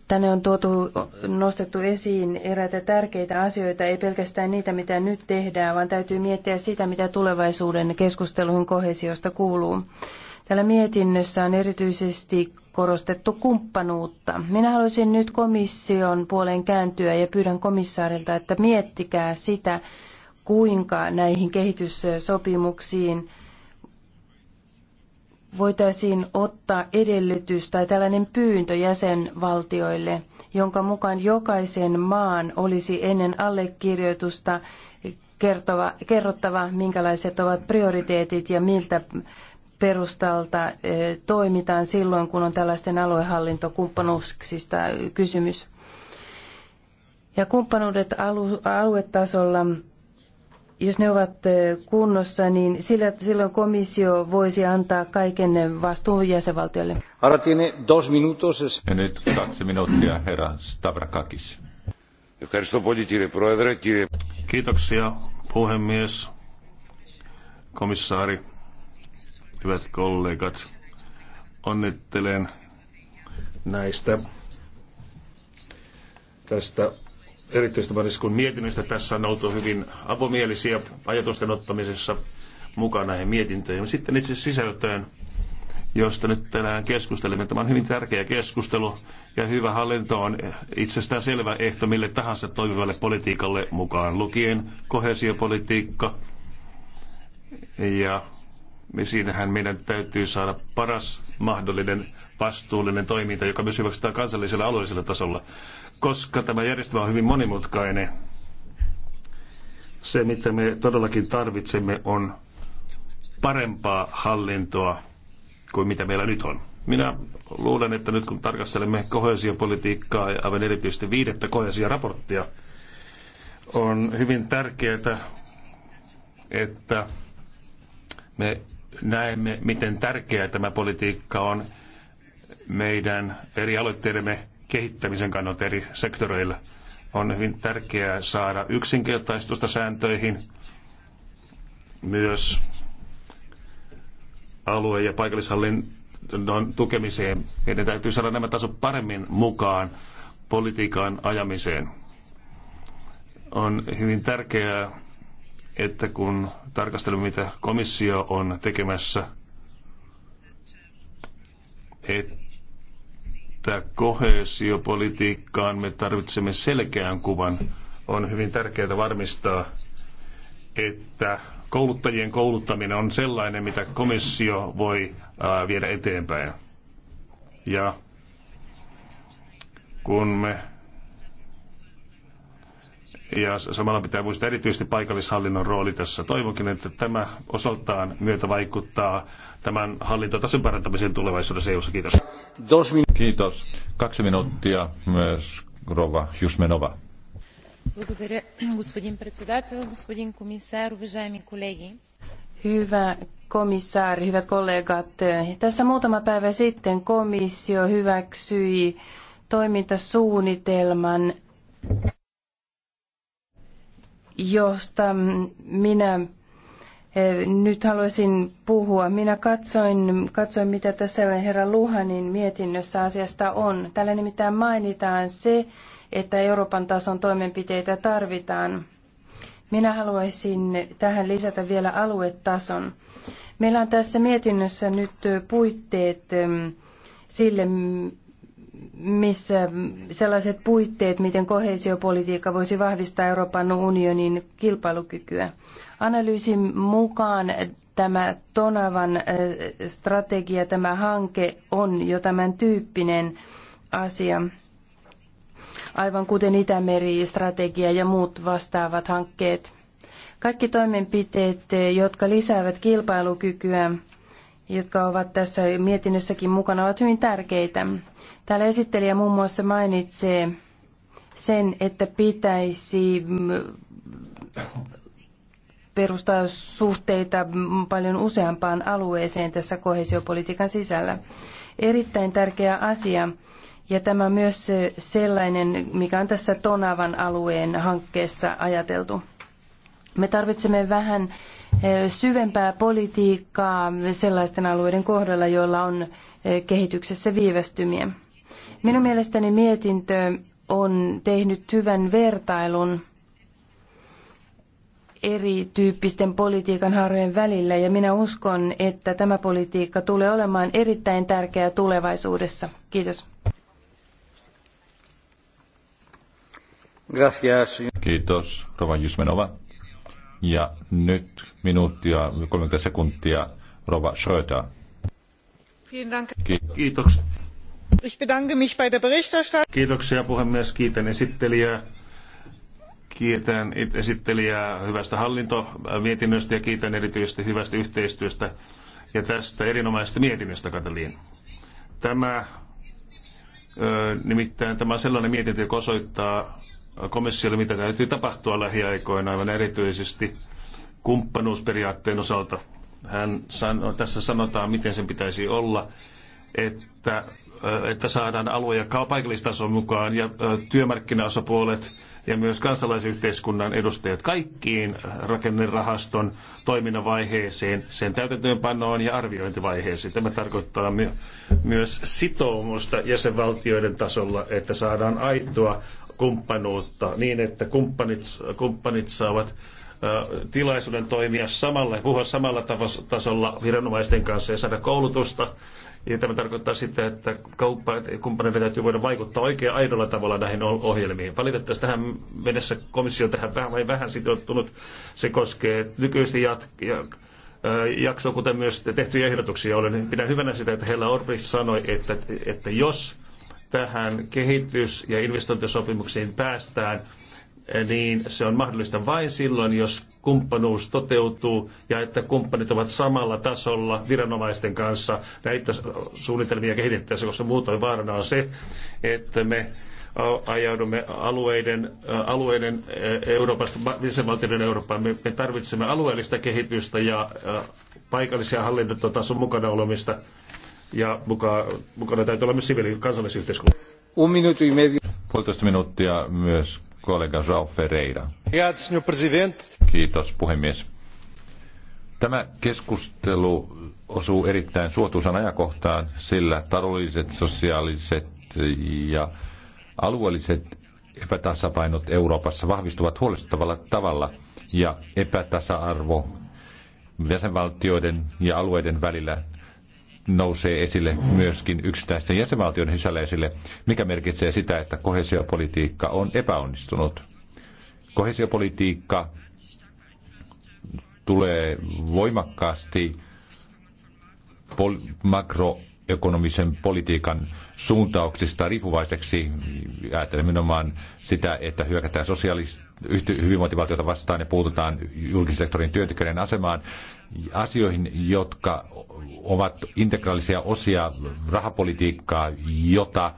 Tänne on tuotu, nostettu esiin eräitä tärkeitä asioita, ei pelkästään niitä, mitä nyt tehdään, vaan täytyy miettiä sitä, mitä tulevaisuuden keskusteluihin kohesiosta kuuluu. Täällä mietinnössä on erityisesti korostettu kumppanuutta. Minä haluaisin nyt komission puoleen kääntyä ja pyydän komissaarilta, että miettikää sitä, kuinka näihin kehityssopimuksiin voitaisiin ottaa edellytys tai tällainen pyyntö jäsenvaltioille, jonka mukaan jokaisen maan olisi ennen allekirjoitusta kertova, kerrottava, minkälaiset ovat prioriteetit ja miltä perustalta eh, toimitaan silloin, kun on tällaisten aluehallintokumppanuuksista kysymys. Ja kumppanuudet aluetasolla, jos ne ovat eh, kunnossa, niin sillä, silloin komissio voisi antaa kaiken vastuun jäsenvaltiolle. Ja nyt kaksi minuuttia, herra Stavrakakis. Kiitoksia, puhemies, komissaari hyvät kollegat. Onnittelen näistä tästä erityisesti kun mietinnöstä tässä on oltu hyvin avomielisiä ajatusten ottamisessa mukaan näihin mietintöihin. Sitten itse sisältöön, josta nyt tänään keskustelemme. Tämä on hyvin tärkeä keskustelu ja hyvä hallinto on itsestään selvä ehto mille tahansa toimivalle politiikalle mukaan lukien kohesiopolitiikka ja siinähän meidän täytyy saada paras mahdollinen vastuullinen toiminta, joka myös hyväksytään kansallisella alueellisella tasolla. Koska tämä järjestelmä on hyvin monimutkainen, se mitä me todellakin tarvitsemme on parempaa hallintoa kuin mitä meillä nyt on. Minä luulen, että nyt kun tarkastelemme kohesiopolitiikkaa ja aivan erityisesti viidettä kohesioraporttia, on hyvin tärkeää, että me näemme, miten tärkeää tämä politiikka on meidän eri aloitteidemme kehittämisen kannalta eri sektoreilla. On hyvin tärkeää saada yksinkertaistusta sääntöihin, myös alue- ja paikallishallinnon tukemiseen. Meidän täytyy saada nämä tasot paremmin mukaan politiikan ajamiseen. On hyvin tärkeää että kun tarkastelemme, mitä komissio on tekemässä, että kohesiopolitiikkaan me tarvitsemme selkeän kuvan. On hyvin tärkeää varmistaa, että kouluttajien kouluttaminen on sellainen, mitä komissio voi viedä eteenpäin. Ja kun me ja samalla pitää muistaa erityisesti paikallishallinnon rooli tässä. Toivonkin, että tämä osaltaan myötä vaikuttaa tämän hallintotason parantamiseen tulevaisuudessa EU-ssa. Kiitos. Kiitos. Kaksi minuuttia myös Rova Jusmenova. Благодаря, господин председател, господин комисар, уважаеми колеги. Hyvä komissaari, hyvät kollegat. Tässä muutama päivä sitten komissio hyväksyi toimintasuunnitelman josta minä eh, nyt haluaisin puhua. Minä katsoin, katsoin mitä tässä herra Luhanin mietinnössä asiasta on. Tällä nimittäin mainitaan se, että Euroopan tason toimenpiteitä tarvitaan. Minä haluaisin tähän lisätä vielä aluetason. Meillä on tässä mietinnössä nyt puitteet eh, sille, missä sellaiset puitteet, miten kohesiopolitiikka voisi vahvistaa Euroopan unionin kilpailukykyä. Analyysin mukaan tämä Tonavan äh, strategia, tämä hanke on jo tämän tyyppinen asia, aivan kuten Itämeri-strategia ja muut vastaavat hankkeet. Kaikki toimenpiteet, jotka lisäävät kilpailukykyä, jotka ovat tässä mietinnössäkin mukana, ovat hyvin tärkeitä. Täällä esittelijä muun muassa mainitsee sen, että pitäisi mm, perustaa suhteita paljon useampaan alueeseen tässä kohesiopolitiikan sisällä. Erittäin tärkeä asia. Ja tämä on myös sellainen, mikä on tässä Tonavan alueen hankkeessa ajateltu. Me tarvitsemme vähän eh, syvempää politiikkaa sellaisten alueiden kohdalla, joilla on eh, kehityksessä viivästymiä. Minun mielestäni mietintö on tehnyt hyvän vertailun erityyppisten politiikan harjojen välillä ja minä uskon, että tämä politiikka tulee olemaan erittäin tärkeää tulevaisuudessa. Kiitos. Gracias. Kiitos, Rova Jusmenova. Ja nyt minuuttia 30 sekuntia, Rova Schröter. Kiitos. Kiitos. Kiitoksia puhemies, kiitän esittelijää. Kiitän esittelijää hyvästä hallintomietinnöstä ja kiitän erityisesti hyvästä yhteistyöstä ja tästä erinomaisesta mietinnöstä, Katalin. Tämä, nimittäin tämä on sellainen mietintö, joka osoittaa komissiolle, mitä täytyy tapahtua lähiaikoina, aivan erityisesti kumppanuusperiaatteen osalta. Hän sano, tässä sanotaan, miten sen pitäisi olla, että että saadaan alue- ja paikallistason mukaan ja työmarkkinaosapuolet ja myös kansalaisyhteiskunnan edustajat kaikkiin rakennerahaston toiminnan vaiheeseen, sen täytäntöönpanoon ja arviointivaiheeseen. Tämä tarkoittaa my- myös sitoumusta jäsenvaltioiden tasolla, että saadaan aitoa kumppanuutta niin, että kumppanit, kumppanit saavat tilaisuuden toimia samalla, puhua samalla tasolla viranomaisten kanssa ja saada koulutusta ja tämä tarkoittaa sitä, että kauppakumppaneiden täytyy voida vaikuttaa oikein aidolla tavalla näihin ohjelmiin. Valitettavasti tähän mennessä komissio tähän vähän vai vähän sitoutunut. Se koskee nykyisesti jat- ja, jaksoa, kuten myös tehtyjä ehdotuksia. Olen, pidän hyvänä sitä, että Hella Orpi sanoi, että, että jos tähän kehitys- ja investointisopimuksiin päästään, niin se on mahdollista vain silloin, jos kumppanuus toteutuu ja että kumppanit ovat samalla tasolla viranomaisten kanssa näitä suunnitelmia kehitettäessä, koska muutoin vaarana on se, että me ajaudumme alueiden, alueiden Euroopasta, jäsenvaltioiden Eurooppaan. Me, tarvitsemme alueellista kehitystä ja paikallisia hallintotason mukana olemista ja mukaan, mukana täytyy olla myös siviili kansallisyhteiskunta. Un minuutti Puolitoista minuuttia myös kollega João Ferreira. Kiitos puhemies. Tämä keskustelu osuu erittäin suotuisan ajankohtaan, sillä taloudelliset, sosiaaliset ja alueelliset epätasapainot Euroopassa vahvistuvat huolestuttavalla tavalla ja epätasa-arvo jäsenvaltioiden ja alueiden välillä nousee esille myöskin yksittäisten jäsenvaltioiden sisällä esille, mikä merkitsee sitä, että kohesiopolitiikka on epäonnistunut. Kohesiopolitiikka tulee voimakkaasti makro ekonomisen politiikan suuntauksista riippuvaiseksi. Ajattelen nimenomaan sitä, että hyökätään sosiaalista hyvinvointivaltiota vastaan ja puututaan julkisen sektorin työntekijöiden asemaan asioihin, jotka ovat integraalisia osia rahapolitiikkaa, jota,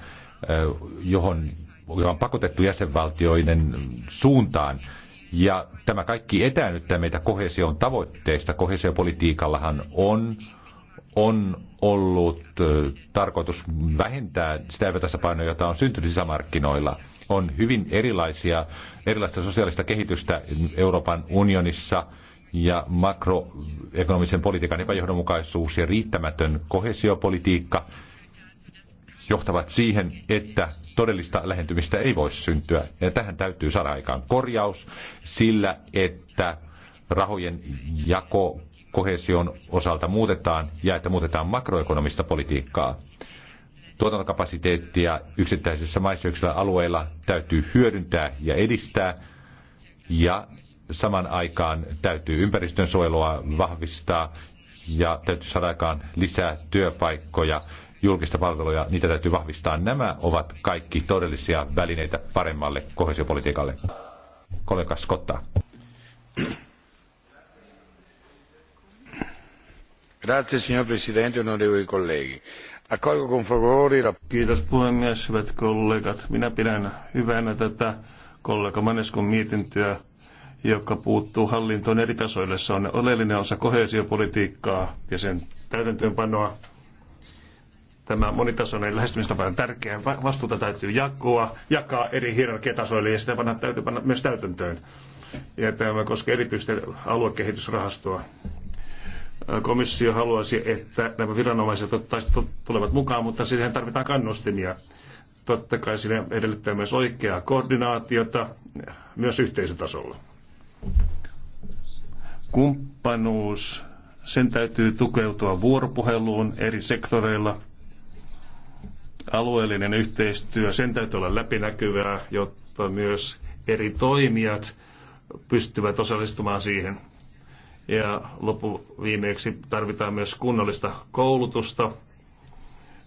johon, joka on pakotettu jäsenvaltioiden suuntaan. Ja tämä kaikki etäännyttää meitä kohesion tavoitteista. Kohesiopolitiikallahan on on ollut tarkoitus vähentää sitä epätasapainoa, jota on syntynyt sisämarkkinoilla. On hyvin erilaisia, erilaista sosiaalista kehitystä Euroopan unionissa ja makroekonomisen politiikan epäjohdonmukaisuus ja riittämätön kohesiopolitiikka johtavat siihen, että todellista lähentymistä ei voi syntyä. Ja tähän täytyy saada aikaan korjaus sillä, että rahojen jako kohesion osalta muutetaan ja että muutetaan makroekonomista politiikkaa. Tuotantokapasiteettia yksittäisissä maissa yksillä alueilla täytyy hyödyntää ja edistää ja saman aikaan täytyy ympäristön suojelua vahvistaa ja täytyy saada aikaan lisää työpaikkoja, julkista palveluja, niitä täytyy vahvistaa. Nämä ovat kaikki todellisia välineitä paremmalle kohesiopolitiikalle. Kollega Skotta. Grazie, signor Presidente, onorevoli colleghi. Accolgo con favore... Kiitos puhemies, hyvät kollegat. Minä pidän hyvänä tätä kollega Maneskun mietintöä, joka puuttuu hallintoon eri tasoille. Se on oleellinen osa kohesiopolitiikkaa ja sen täytäntöönpanoa tämä monitasoinen lähestymistapa on tärkeä. Vastuuta täytyy jakoa, jakaa eri hierarkiatasoille ja sitä panna, täytyy panna myös täytäntöön. Ja tämä koskee erityisesti aluekehitysrahastoa komissio haluaisi, että nämä viranomaiset tulevat mukaan, mutta siihen tarvitaan kannustimia. Totta kai siinä edellyttää myös oikeaa koordinaatiota myös yhteisötasolla. Kumppanuus, sen täytyy tukeutua vuoropuheluun eri sektoreilla. Alueellinen yhteistyö, sen täytyy olla läpinäkyvää, jotta myös eri toimijat pystyvät osallistumaan siihen – ja loppuviimeeksi tarvitaan myös kunnollista koulutusta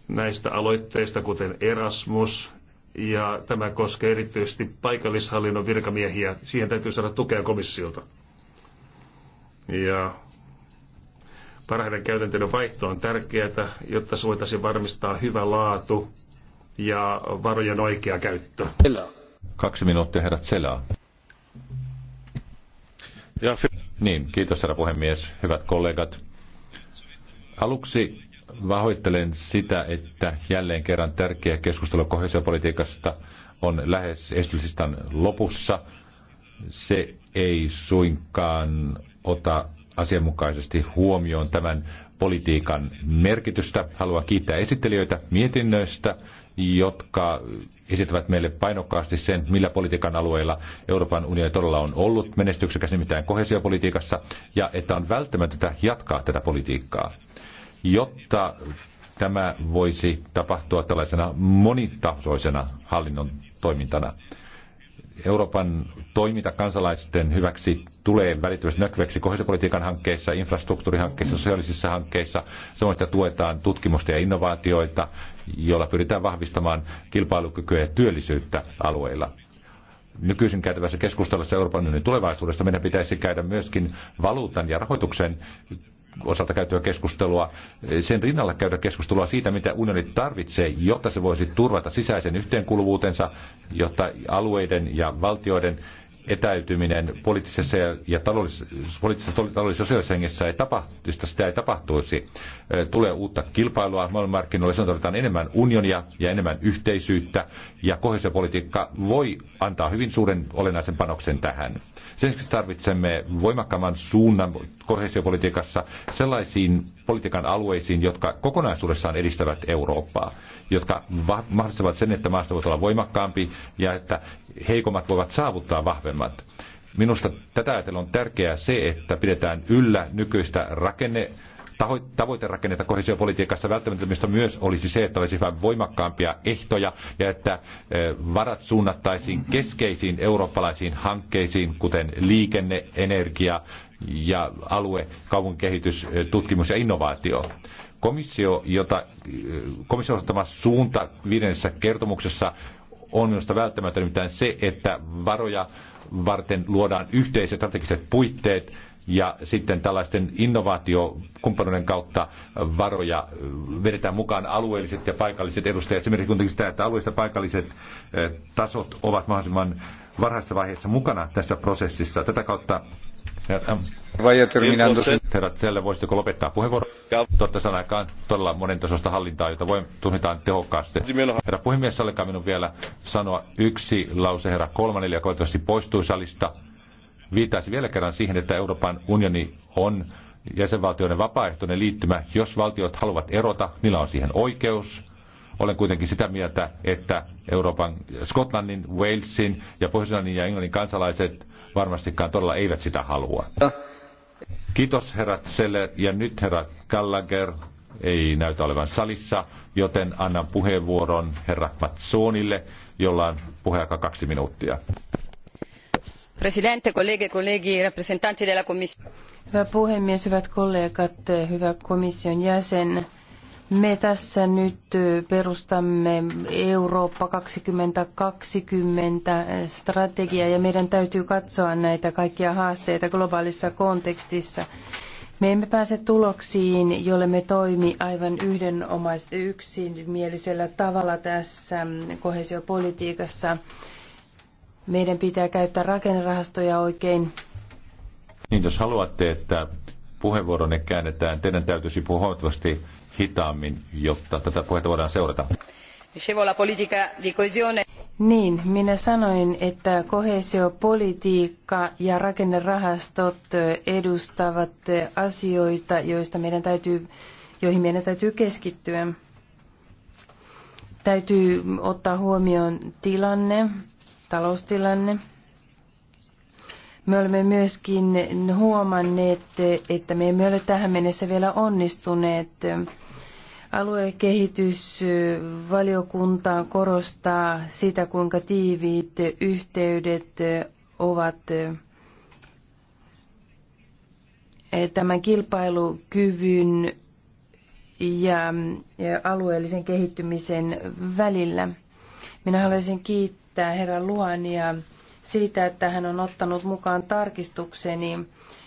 näistä aloitteista, kuten Erasmus, ja tämä koskee erityisesti paikallishallinnon virkamiehiä. Siihen täytyy saada tukea komissiolta. Ja parhaiden käytänteiden vaihto on tärkeää, jotta voitaisiin varmistaa hyvä laatu ja varojen oikea käyttö. Kaksi minuuttia herrat Selaa. Ja, niin, kiitos herra puhemies, hyvät kollegat. Aluksi vahoittelen sitä, että jälleen kerran tärkeä keskustelu kohesiopolitiikasta on lähes estylisistan lopussa. Se ei suinkaan ota asianmukaisesti huomioon tämän politiikan merkitystä. Haluan kiittää esittelijöitä mietinnöistä, jotka esittävät meille painokkaasti sen, millä politiikan alueilla Euroopan unioni todella on ollut menestyksekäs, nimittäin kohesiopolitiikassa, ja että on välttämätöntä jatkaa tätä politiikkaa, jotta tämä voisi tapahtua tällaisena monitasoisena hallinnon toimintana. Euroopan toiminta kansalaisten hyväksi tulee välittömästi näkyväksi kohdistopolitiikan hankkeissa, infrastruktuurihankkeissa, sosiaalisissa hankkeissa. Samoin sitä tuetaan tutkimusta ja innovaatioita, joilla pyritään vahvistamaan kilpailukykyä ja työllisyyttä alueilla nykyisin käytävässä keskustelussa Euroopan unionin tulevaisuudesta meidän pitäisi käydä myöskin valuutan ja rahoituksen osalta käytyä keskustelua, eh, sen rinnalla käydä keskustelua siitä, mitä unioni tarvitsee, jotta se voisi turvata sisäisen yhteenkuuluvuutensa, jotta alueiden ja valtioiden etäytyminen poliittisessa ja taloudellisessa, poliittisessa, taloudellisessa sosiaalisessa hengessä ei tapahtuisi, sitä ei tapahtuisi. Tulee uutta kilpailua maailmanmarkkinoille, se tarvitaan enemmän unionia ja enemmän yhteisyyttä, ja kohesiopolitiikka voi antaa hyvin suuren olennaisen panoksen tähän. Sen lisäksi tarvitsemme voimakkaamman suunnan kohesiopolitiikassa sellaisiin politiikan alueisiin, jotka kokonaisuudessaan edistävät Eurooppaa jotka mahdollistavat sen, että maasta voi olla voimakkaampi ja että heikommat voivat saavuttaa vahvemmat. Minusta tätä ajatellen on tärkeää se, että pidetään yllä nykyistä rakenne tavoiterakennetta kohesiopolitiikassa välttämättömistä myös olisi se, että olisi vähän voimakkaampia ehtoja ja että eh, varat suunnattaisiin keskeisiin eurooppalaisiin hankkeisiin, kuten liikenne, energia ja alue, kaupunkikehitys, eh, tutkimus ja innovaatio. Komissio, jota, komission ottama suunta viidennessä kertomuksessa on minusta välttämätön, nimittäin se, että varoja varten luodaan yhteiset strategiset puitteet ja sitten tällaisten innovaatiokumppanuuden kautta varoja vedetään mukaan alueelliset ja paikalliset edustajat. Esimerkiksi kuitenkin sitä, että alueelliset ja paikalliset eh, tasot ovat mahdollisimman varhaisessa vaiheessa mukana tässä prosessissa. Tätä kautta Vaija terminando. Herra Selle, voisitteko lopettaa puheenvuoron? Totta sanakaan, aikaan todella monen tasosta hallintaa, jota voi tunnitaan tehokkaasti. Herra puhemies, sallikaa minun vielä sanoa yksi lause herra kolmannen, joka toivottavasti poistui salista. Viitaisi vielä kerran siihen, että Euroopan unioni on jäsenvaltioiden vapaaehtoinen liittymä. Jos valtiot haluavat erota, niillä on siihen oikeus. Olen kuitenkin sitä mieltä, että Euroopan, Skotlannin, Walesin ja Pohjois-Irlannin ja Englannin kansalaiset varmastikaan todella eivät sitä halua. Kiitos herra Seller ja nyt herra Gallagher ei näytä olevan salissa, joten annan puheenvuoron herra Matsonille, jolla on puheaika kaksi minuuttia. Presidente, colleghe, kollegi, rappresentanti della Hyvä puhemies, hyvät kollegat, hyvä komission jäsen. Me tässä nyt perustamme Eurooppa 2020 strategiaa ja meidän täytyy katsoa näitä kaikkia haasteita globaalissa kontekstissa. Me emme pääse tuloksiin, jolle me toimi aivan yhdenomais, yksimielisellä tavalla tässä kohesiopolitiikassa. Meidän pitää käyttää rakennerahastoja oikein. Niin, jos haluatte, että puheenvuoronne käännetään, teidän täytyisi puhua huomattavasti hitaammin, jotta tätä puhetta voidaan seurata. Niin, minä sanoin, että kohesiopolitiikka ja rakennerahastot edustavat asioita, joista meidän täytyy, joihin meidän täytyy keskittyä. Täytyy ottaa huomioon tilanne, taloustilanne. Me olemme myöskin huomanneet, että me emme ole tähän mennessä vielä onnistuneet Aluekehitysvaliokunta korostaa sitä, kuinka tiiviit yhteydet ovat eh, tämän kilpailukyvyn ja alueellisen kehittymisen välillä. Minä haluaisin kiittää herra Luania siitä, että hän on ottanut mukaan tarkistukseni.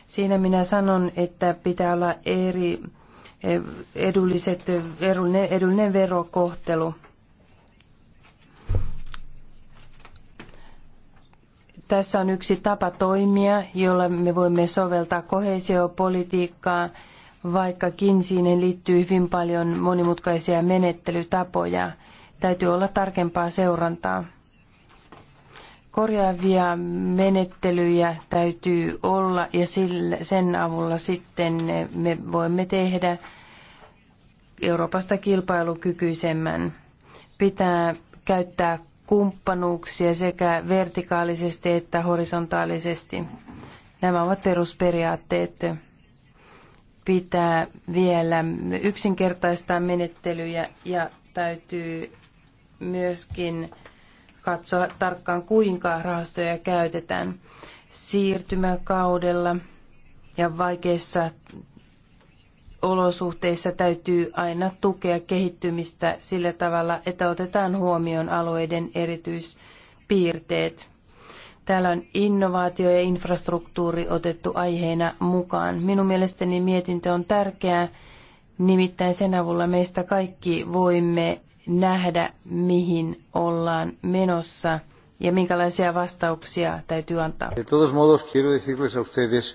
Siinä minä sanon, että pitää olla eri edulliset, edullinen, verokohtelu. Tässä on yksi tapa toimia, jolla me voimme soveltaa kohesiopolitiikkaa, vaikkakin siihen liittyy hyvin paljon monimutkaisia menettelytapoja. Täytyy olla tarkempaa seurantaa. Korjaavia menettelyjä täytyy olla ja sillä, sen avulla sitten me voimme tehdä Euroopasta kilpailukykyisemmän. Pitää käyttää kumppanuuksia sekä vertikaalisesti että horisontaalisesti. Nämä ovat perusperiaatteet. Pitää vielä yksinkertaistaa menettelyjä ja täytyy myöskin katsoa tarkkaan, kuinka rahastoja käytetään siirtymäkaudella ja vaikeissa olosuhteissa täytyy aina tukea kehittymistä sillä tavalla, että otetaan huomioon alueiden erityispiirteet. Täällä on innovaatio ja infrastruktuuri otettu aiheena mukaan. Minun mielestäni mietintö on tärkeää, nimittäin sen avulla meistä kaikki voimme nähdä, mihin ollaan menossa ja minkälaisia vastauksia täytyy antaa.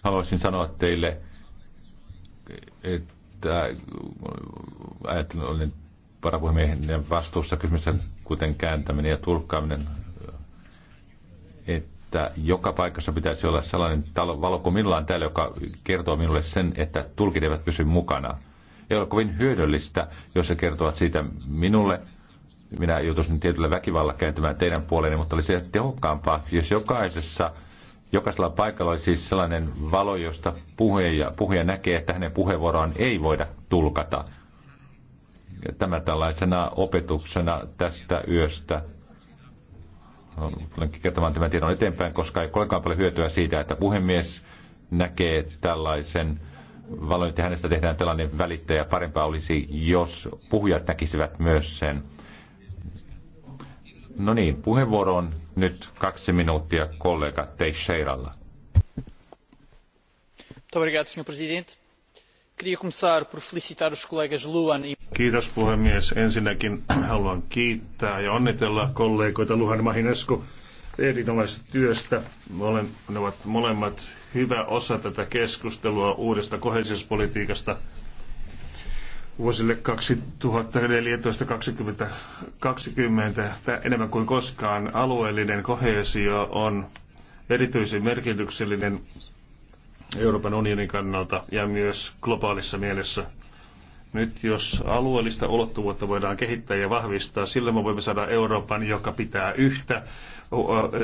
Haluaisin sanoa teille, että ajattelin, olen varapuhemiehen vastuussa kysymys, kuten kääntäminen ja tulkkaaminen, että joka paikassa pitäisi olla sellainen talo, valokumillaan täällä, joka kertoo minulle sen, että tulkit eivät pysy mukana ei ole kovin hyödyllistä, jos he kertovat siitä minulle. Minä joutuisin tietyllä väkivallalla kääntymään teidän puoleeni, mutta olisi tehokkaampaa, jos jokaisessa Jokaisella paikalla olisi siis sellainen valo, josta puhuja, puhuja näkee, että hänen puheenvuoroaan ei voida tulkata. Tämä tällaisena opetuksena tästä yöstä. Olen kertomaan tämän tiedon eteenpäin, koska ei olekaan paljon hyötyä siitä, että puhemies näkee tällaisen valointi hänestä tehdään tällainen välittäjä. Parempaa olisi, jos puhujat näkisivät myös sen. No niin, puheenvuoro on nyt kaksi minuuttia kollega Teixeiralla. E- Kiitos puhemies. Ensinnäkin haluan kiittää ja onnitella kollegoita Luhan Mahinesku erinomaisesta työstä. Olen, ne ovat molemmat hyvä osa tätä keskustelua uudesta kohesiospolitiikasta vuosille 2014-2020 enemmän kuin koskaan alueellinen kohesio on erityisen merkityksellinen Euroopan unionin kannalta ja myös globaalissa mielessä. Nyt jos alueellista ulottuvuutta voidaan kehittää ja vahvistaa, sillä me voimme saada Euroopan, joka pitää yhtä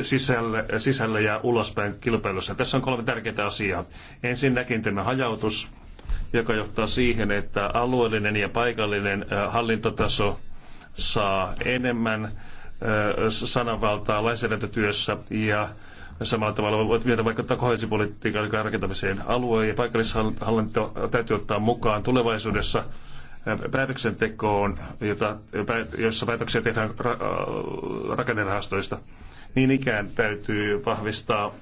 sisälle sisälle ja ulospäin kilpailussa. Tässä on kolme tärkeää asiaa. Ensinnäkin tämä hajautus, joka johtaa siihen, että alueellinen ja paikallinen hallintotaso saa enemmän sananvaltaa lainsäädäntötyössä ja samalla tavalla voit vielä vaikuttaa kohesipolitiikan rakentamiseen. Alue- ja paikallishallinto täytyy ottaa mukaan tulevaisuudessa päätöksentekoon, jota, jossa päätöksiä tehdään ra- rakennerahastoista. Niin ikään täytyy vahvistaa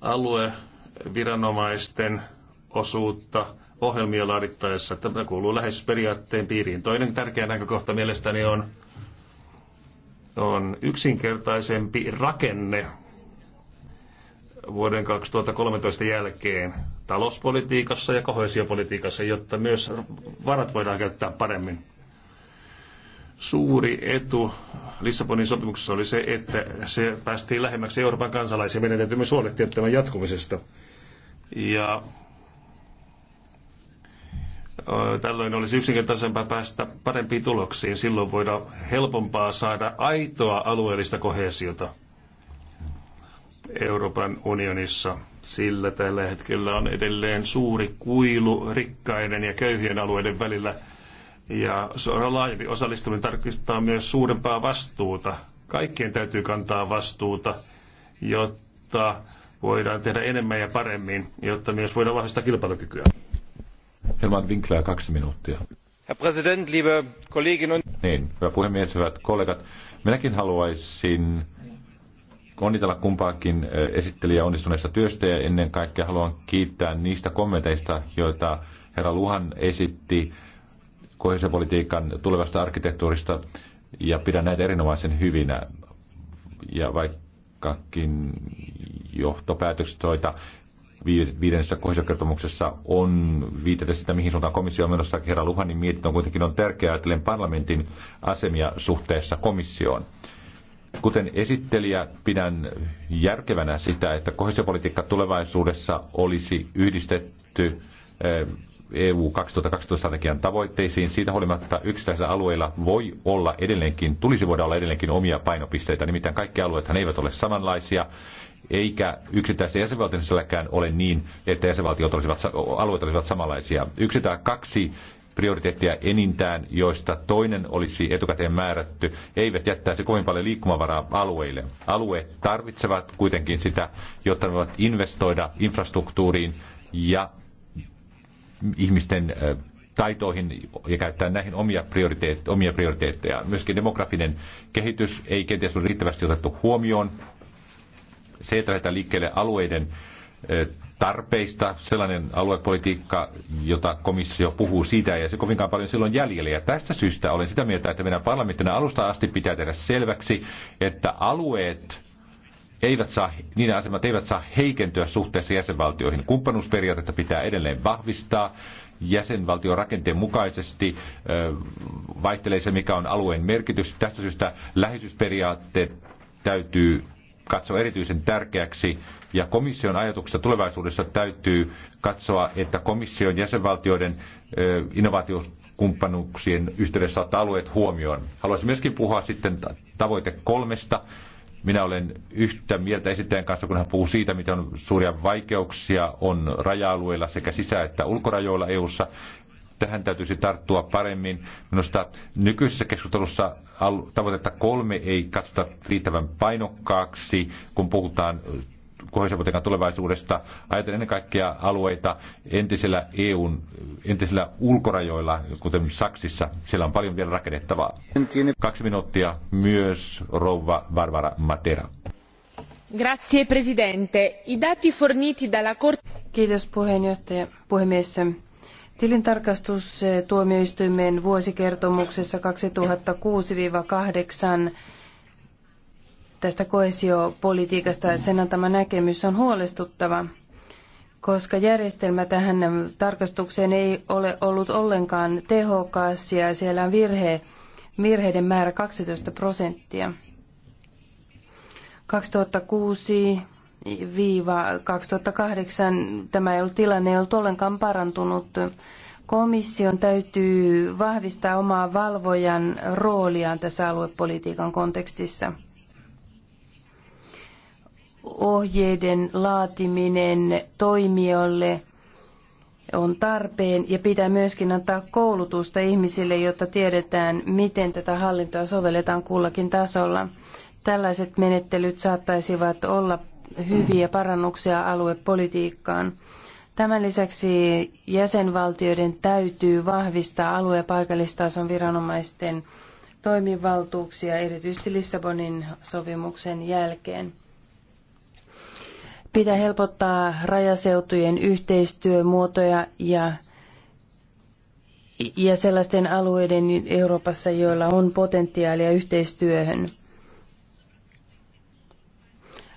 alueviranomaisten osuutta ohjelmia laadittaessa. Tämä kuuluu periaatteen piiriin. Toinen tärkeä näkökohta mielestäni on on yksinkertaisempi rakenne vuoden 2013 jälkeen talouspolitiikassa ja kohesiopolitiikassa, jotta myös varat voidaan käyttää paremmin. Suuri etu Lissabonin sopimuksessa oli se, että se päästiin lähemmäksi Euroopan kansalaisia. Meidän täytyy myös huolehtia tämän jatkumisesta. Ja Tällöin olisi yksinkertaisempaa päästä parempiin tuloksiin. Silloin voidaan helpompaa saada aitoa alueellista kohesiota Euroopan unionissa, sillä tällä hetkellä on edelleen suuri kuilu rikkaiden ja köyhien alueiden välillä. Ja laajempi osallistuminen tarkoittaa myös suurempaa vastuuta. Kaikkien täytyy kantaa vastuuta, jotta voidaan tehdä enemmän ja paremmin, jotta myös voidaan vahvistaa kilpailukykyä. Helman Winkler, kaksi minuuttia. Herr Präsident, liebe Kolleginnen und... Niin, hyvä puhemies, hyvät kollegat. Minäkin haluaisin onnitella kumpaakin eh, esittelijä onnistuneesta työstä ja ennen kaikkea haluan kiittää niistä kommenteista, joita herra Luhan esitti kohesiopolitiikan tulevasta arkkitehtuurista ja pidän näitä erinomaisen hyvinä. Ja vaikkakin johtopäätökset, joita viidennessä kohdassa on viitata sitä, mihin suuntaan komissio on menossa. Herra Luhanin mietintö on kuitenkin on tärkeää ajatellen parlamentin asemia suhteessa komissioon. Kuten esittelijä, pidän järkevänä sitä, että kohdassa tulevaisuudessa olisi yhdistetty EU eh, e 2012-strategian tavoitteisiin. Siitä huolimatta yksittäisillä alueilla voi olla edelleenkin, tulisi voida olla edelleenkin omia painopisteitä, nimittäin kaikki alueethan eivät ole samanlaisia eikä yksittäisten jäsenvaltioiden sisälläkään ole niin, että jäsenvaltiot olisivat, alueet olisivat samanlaisia. Yksi tai kaksi prioriteettia enintään, joista toinen olisi etukäteen määrätty, eivät jättäisi kovin paljon liikkumavaraa alueille. Alueet tarvitsevat kuitenkin sitä, jotta ne voivat investoida infrastruktuuriin ja ihmisten taitoihin ja käyttää näihin omia, prioriteet, omia prioriteetteja. Myöskin demografinen kehitys ei kenties ole riittävästi otettu huomioon se, että lähdetään liikkeelle alueiden tarpeista, sellainen aluepolitiikka, jota komissio puhuu siitä, ja se kovinkaan paljon silloin jäljellä. Ja tästä syystä olen sitä mieltä, että meidän parlamenttina alusta asti pitää tehdä selväksi, että alueet eivät saa, niiden asemat eivät saa heikentyä suhteessa jäsenvaltioihin. Kumppanuusperiaatetta pitää edelleen vahvistaa, jäsenvaltion rakenteen mukaisesti vaihtelee se, mikä on alueen merkitys. Tästä syystä läheisyysperiaatteet täytyy katsoo erityisen tärkeäksi. Ja komission ajatuksessa tulevaisuudessa täytyy katsoa, että komission jäsenvaltioiden innovaatiokumppanuuksien yhteydessä ottaa alueet huomioon. Haluaisin myöskin puhua sitten tavoite kolmesta. Minä olen yhtä mieltä esittäjän kanssa, kun hän puhuu siitä, miten on suuria vaikeuksia on raja-alueilla sekä sisä- että ulkorajoilla EU:ssa tähän täytyisi tarttua paremmin. Minusta nykyisessä keskustelussa tavoitetta kolme ei katsota riittävän painokkaaksi, kun puhutaan kohesiopolitiikan tulevaisuudesta. Ajatellen ennen kaikkea alueita entisillä EUn, entisillä ulkorajoilla, kuten Saksissa. Siellä on paljon vielä rakennettavaa. Kaksi minuuttia myös rouva Barbara Matera. Grazie Presidente. I dati forniti dalla Corte... Kiitos puheenjohtaja, puhemies. Tilintarkastustuomioistuimen vuosikertomuksessa 2006-2008 tästä koesiopolitiikasta sen antama näkemys on huolestuttava, koska järjestelmä tähän tarkastukseen ei ole ollut ollenkaan tehokas ja siellä on virhe, virheiden määrä 12 prosenttia. 2006 viiva 2008 tämä ei ollut, tilanne ei ollut ollenkaan parantunut. Komission täytyy vahvistaa omaa valvojan rooliaan tässä aluepolitiikan kontekstissa. Ohjeiden laatiminen toimijoille on tarpeen ja pitää myöskin antaa koulutusta ihmisille, jotta tiedetään, miten tätä hallintoa sovelletaan kullakin tasolla. Tällaiset menettelyt saattaisivat olla hyviä parannuksia aluepolitiikkaan. Tämän lisäksi jäsenvaltioiden täytyy vahvistaa alue- ja paikallistason viranomaisten toimivaltuuksia erityisesti Lissabonin sopimuksen jälkeen. Pitää helpottaa rajaseutujen yhteistyömuotoja ja, ja sellaisten alueiden Euroopassa, joilla on potentiaalia yhteistyöhön.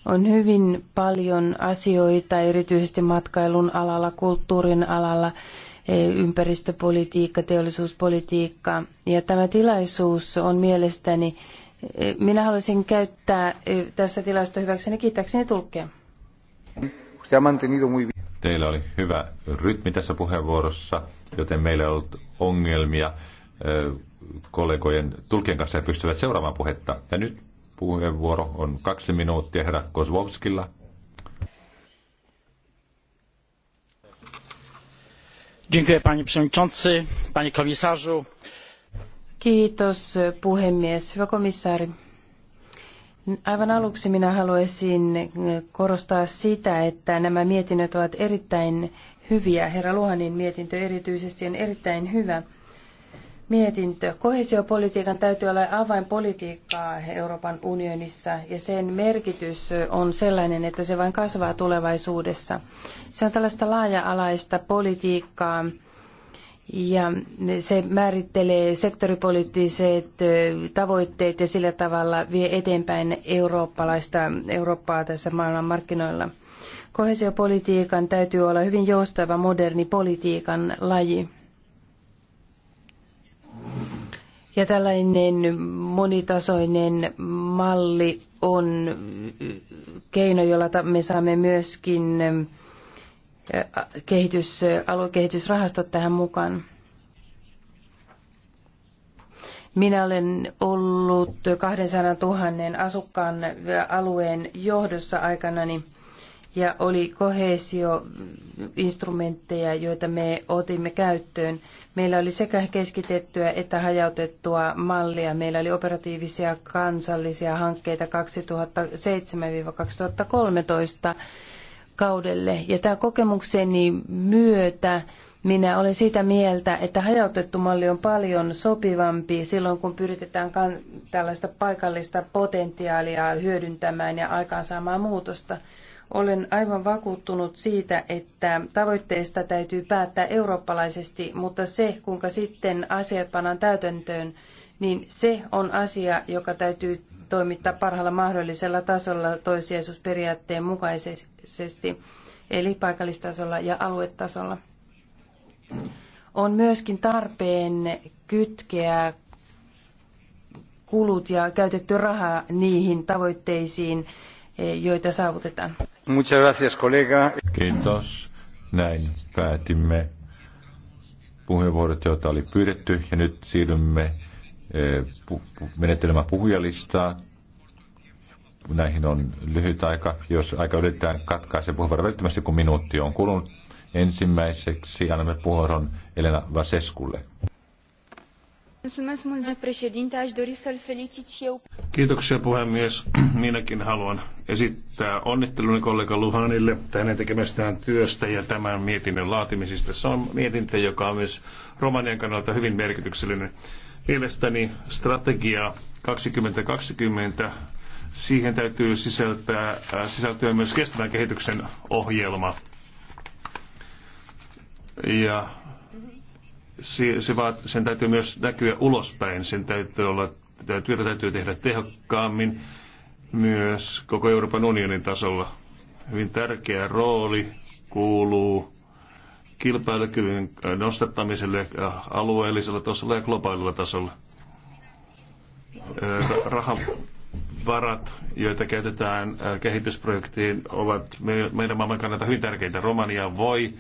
On hyvin paljon asioita, erityisesti matkailun alalla, kulttuurin alalla, e, ympäristöpolitiikka, teollisuuspolitiikka. Ja tämä tilaisuus on mielestäni, e, minä haluaisin käyttää e, tässä tilaisuutta hyväkseni kiittääkseni tulkkeja. Teillä oli hyvä rytmi tässä puheenvuorossa, joten meillä ei ollut ongelmia kollegojen tulkien kanssa ja pystyvät seuraamaan puhetta. Ja nyt puheenvuoro on kaksi minuuttia herra Kozlovskilla. panie przewodniczący, panie komisarzu. Kiitos puhemies. Hyvä komissaari. Aivan aluksi minä haluaisin korostaa sitä, että nämä mietinnöt ovat erittäin hyviä. Herra Luhanin mietintö erityisesti on erittäin hyvä mietintö. Kohesiopolitiikan täytyy olla avainpolitiikkaa Euroopan unionissa ja sen merkitys on sellainen, että se vain kasvaa tulevaisuudessa. Se on tällaista laaja-alaista politiikkaa ja se määrittelee sektoripoliittiset tavoitteet ja sillä tavalla vie eteenpäin eurooppalaista Eurooppaa tässä maailman markkinoilla. Kohesiopolitiikan täytyy olla hyvin joustava moderni politiikan laji. Ja tällainen monitasoinen malli on keino, jolla me saamme myöskin äh, kehitys, aluekehitysrahastot tähän mukaan. Minä olen ollut 200 000 asukkaan alueen johdossa aikanani ja oli kohesioinstrumentteja, joita me otimme käyttöön. Meillä oli sekä keskitettyä että hajautettua mallia. Meillä oli operatiivisia kansallisia hankkeita 2007-2013 kaudelle. Ja tämä kokemukseni myötä minä olen sitä mieltä, että hajautettu malli on paljon sopivampi silloin, kun pyritetään tällaista paikallista potentiaalia hyödyntämään ja aikaansaamaan muutosta. Olen aivan vakuuttunut siitä, että tavoitteista täytyy päättää eurooppalaisesti, mutta se, kuinka sitten asiat pannaan täytäntöön, niin se on asia, joka täytyy toimittaa parhaalla mahdollisella tasolla toissijaisuusperiaatteen mukaisesti, eli paikallistasolla ja aluetasolla. On myöskin tarpeen kytkeä kulut ja käytetty raha niihin tavoitteisiin, joita saavutetaan. Muchas gracias, kollega. Kiitos. Näin päätimme puheenvuorot, joita oli pyydetty, ja nyt siirrymme eh, menettelemään puhujalistaa. Näihin on lyhyt aika. Jos aika yritetään katkaise puheenvuoron välittömästi, kun minuutti on kulunut. Ensimmäiseksi annamme puheenvuoron Elena Vaseskulle. Aș dori să-l felicit și eu. Kiitoksia puhemies. Minäkin haluan esittää onnitteluni kollega Luhanille hänen tekemästään työstä ja tämän mietinnön laatimisesta. Se on mietintö, joka on myös Romanian kannalta hyvin merkityksellinen. Mielestäni strategia 2020 siihen täytyy sisältää, äh, sisältyä myös kestävän kehityksen ohjelma. Ja se, se vaat, sen täytyy myös näkyä ulospäin, sen täytyy olla, tätä työtä täytyy tehdä tehokkaammin myös koko Euroopan unionin tasolla. Hyvin tärkeä rooli kuuluu kilpailukyvyn nostattamiselle äh, alueellisella tasolla ja globaalilla tasolla. Äh, rahavarat, joita käytetään äh, kehitysprojektiin, ovat meidän maailman kannalta hyvin tärkeitä. Romania voi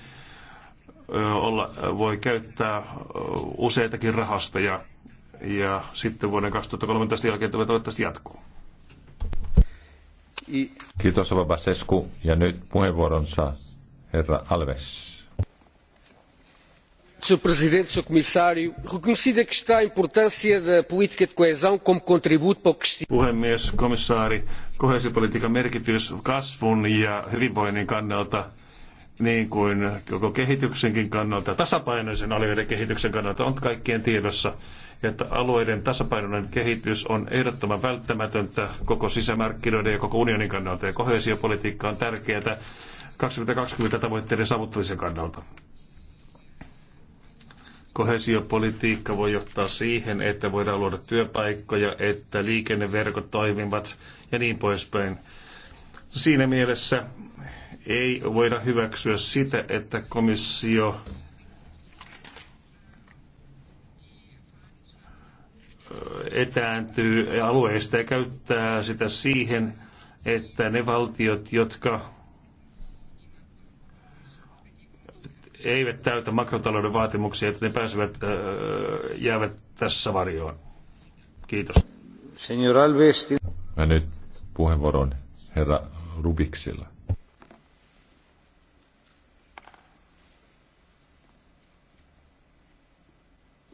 olla, voi käyttää useitakin rahastoja ja, sitten vuoden 2013 jälkeen tämä toivottavasti jatkuu. Kiitos Vapa Sesku ja nyt puheenvuoronsa herra Alves. Sr. Presidente, Sr. Comissário, reconhecida que está a importância da política de coesão como contributo para o crescimento. Puhemies, komissaari, kohesiopolitiikan merkitys kasvun ja hyvinvoinnin kannalta niin kuin koko kehityksenkin kannalta, tasapainoisen alueiden kehityksen kannalta on kaikkien tiedossa, että alueiden tasapainoinen kehitys on ehdottoman välttämätöntä koko sisämarkkinoiden ja koko unionin kannalta, ja kohesiopolitiikka on tärkeää 2020 tavoitteiden saavuttamisen kannalta. Kohesiopolitiikka voi johtaa siihen, että voidaan luoda työpaikkoja, että liikenneverkot toimivat ja niin poispäin. Siinä mielessä ei voida hyväksyä sitä, että komissio etääntyy alueista ja käyttää sitä siihen, että ne valtiot, jotka eivät täytä makrotalouden vaatimuksia, että ne pääsevät, jäävät tässä varjoon. Kiitos. Senior Alvesti. Ja nyt puheenvuoron herra Rubiksilla.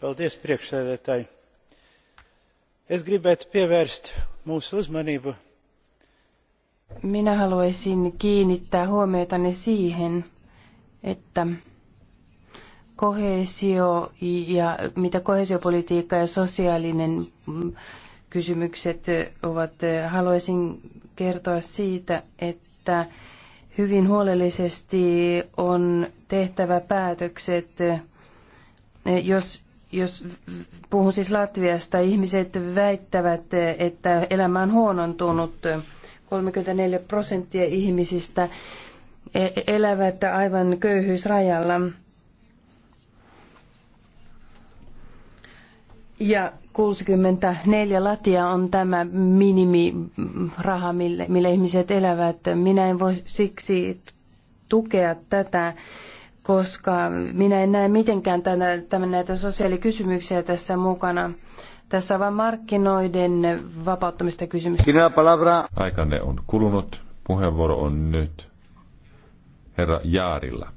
Es gribētu pievērst mūsu uzmanību. Minä haluaisin kiinnittää huomiotani siihen, että kohesio ja mitä kohesiopolitiikka ja sosiaalinen mm, kysymykset ovat, haluaisin kertoa siitä, että hyvin huolellisesti on tehtävä päätökset, jos jos puhun siis Latviasta, ihmiset väittävät, että elämä on huonontunut. 34 prosenttia ihmisistä e- e- elävät aivan köyhyysrajalla. Ja 64 latia on tämä minimiraha, millä, ihmiset elävät. Minä en voi siksi tukea tätä koska minä en näe mitenkään tämän, tämän näitä sosiaalikysymyksiä tässä mukana. Tässä on vain markkinoiden vapauttamista kysymys. Aikanne on kulunut. Puheenvuoro on nyt herra Jaarilla.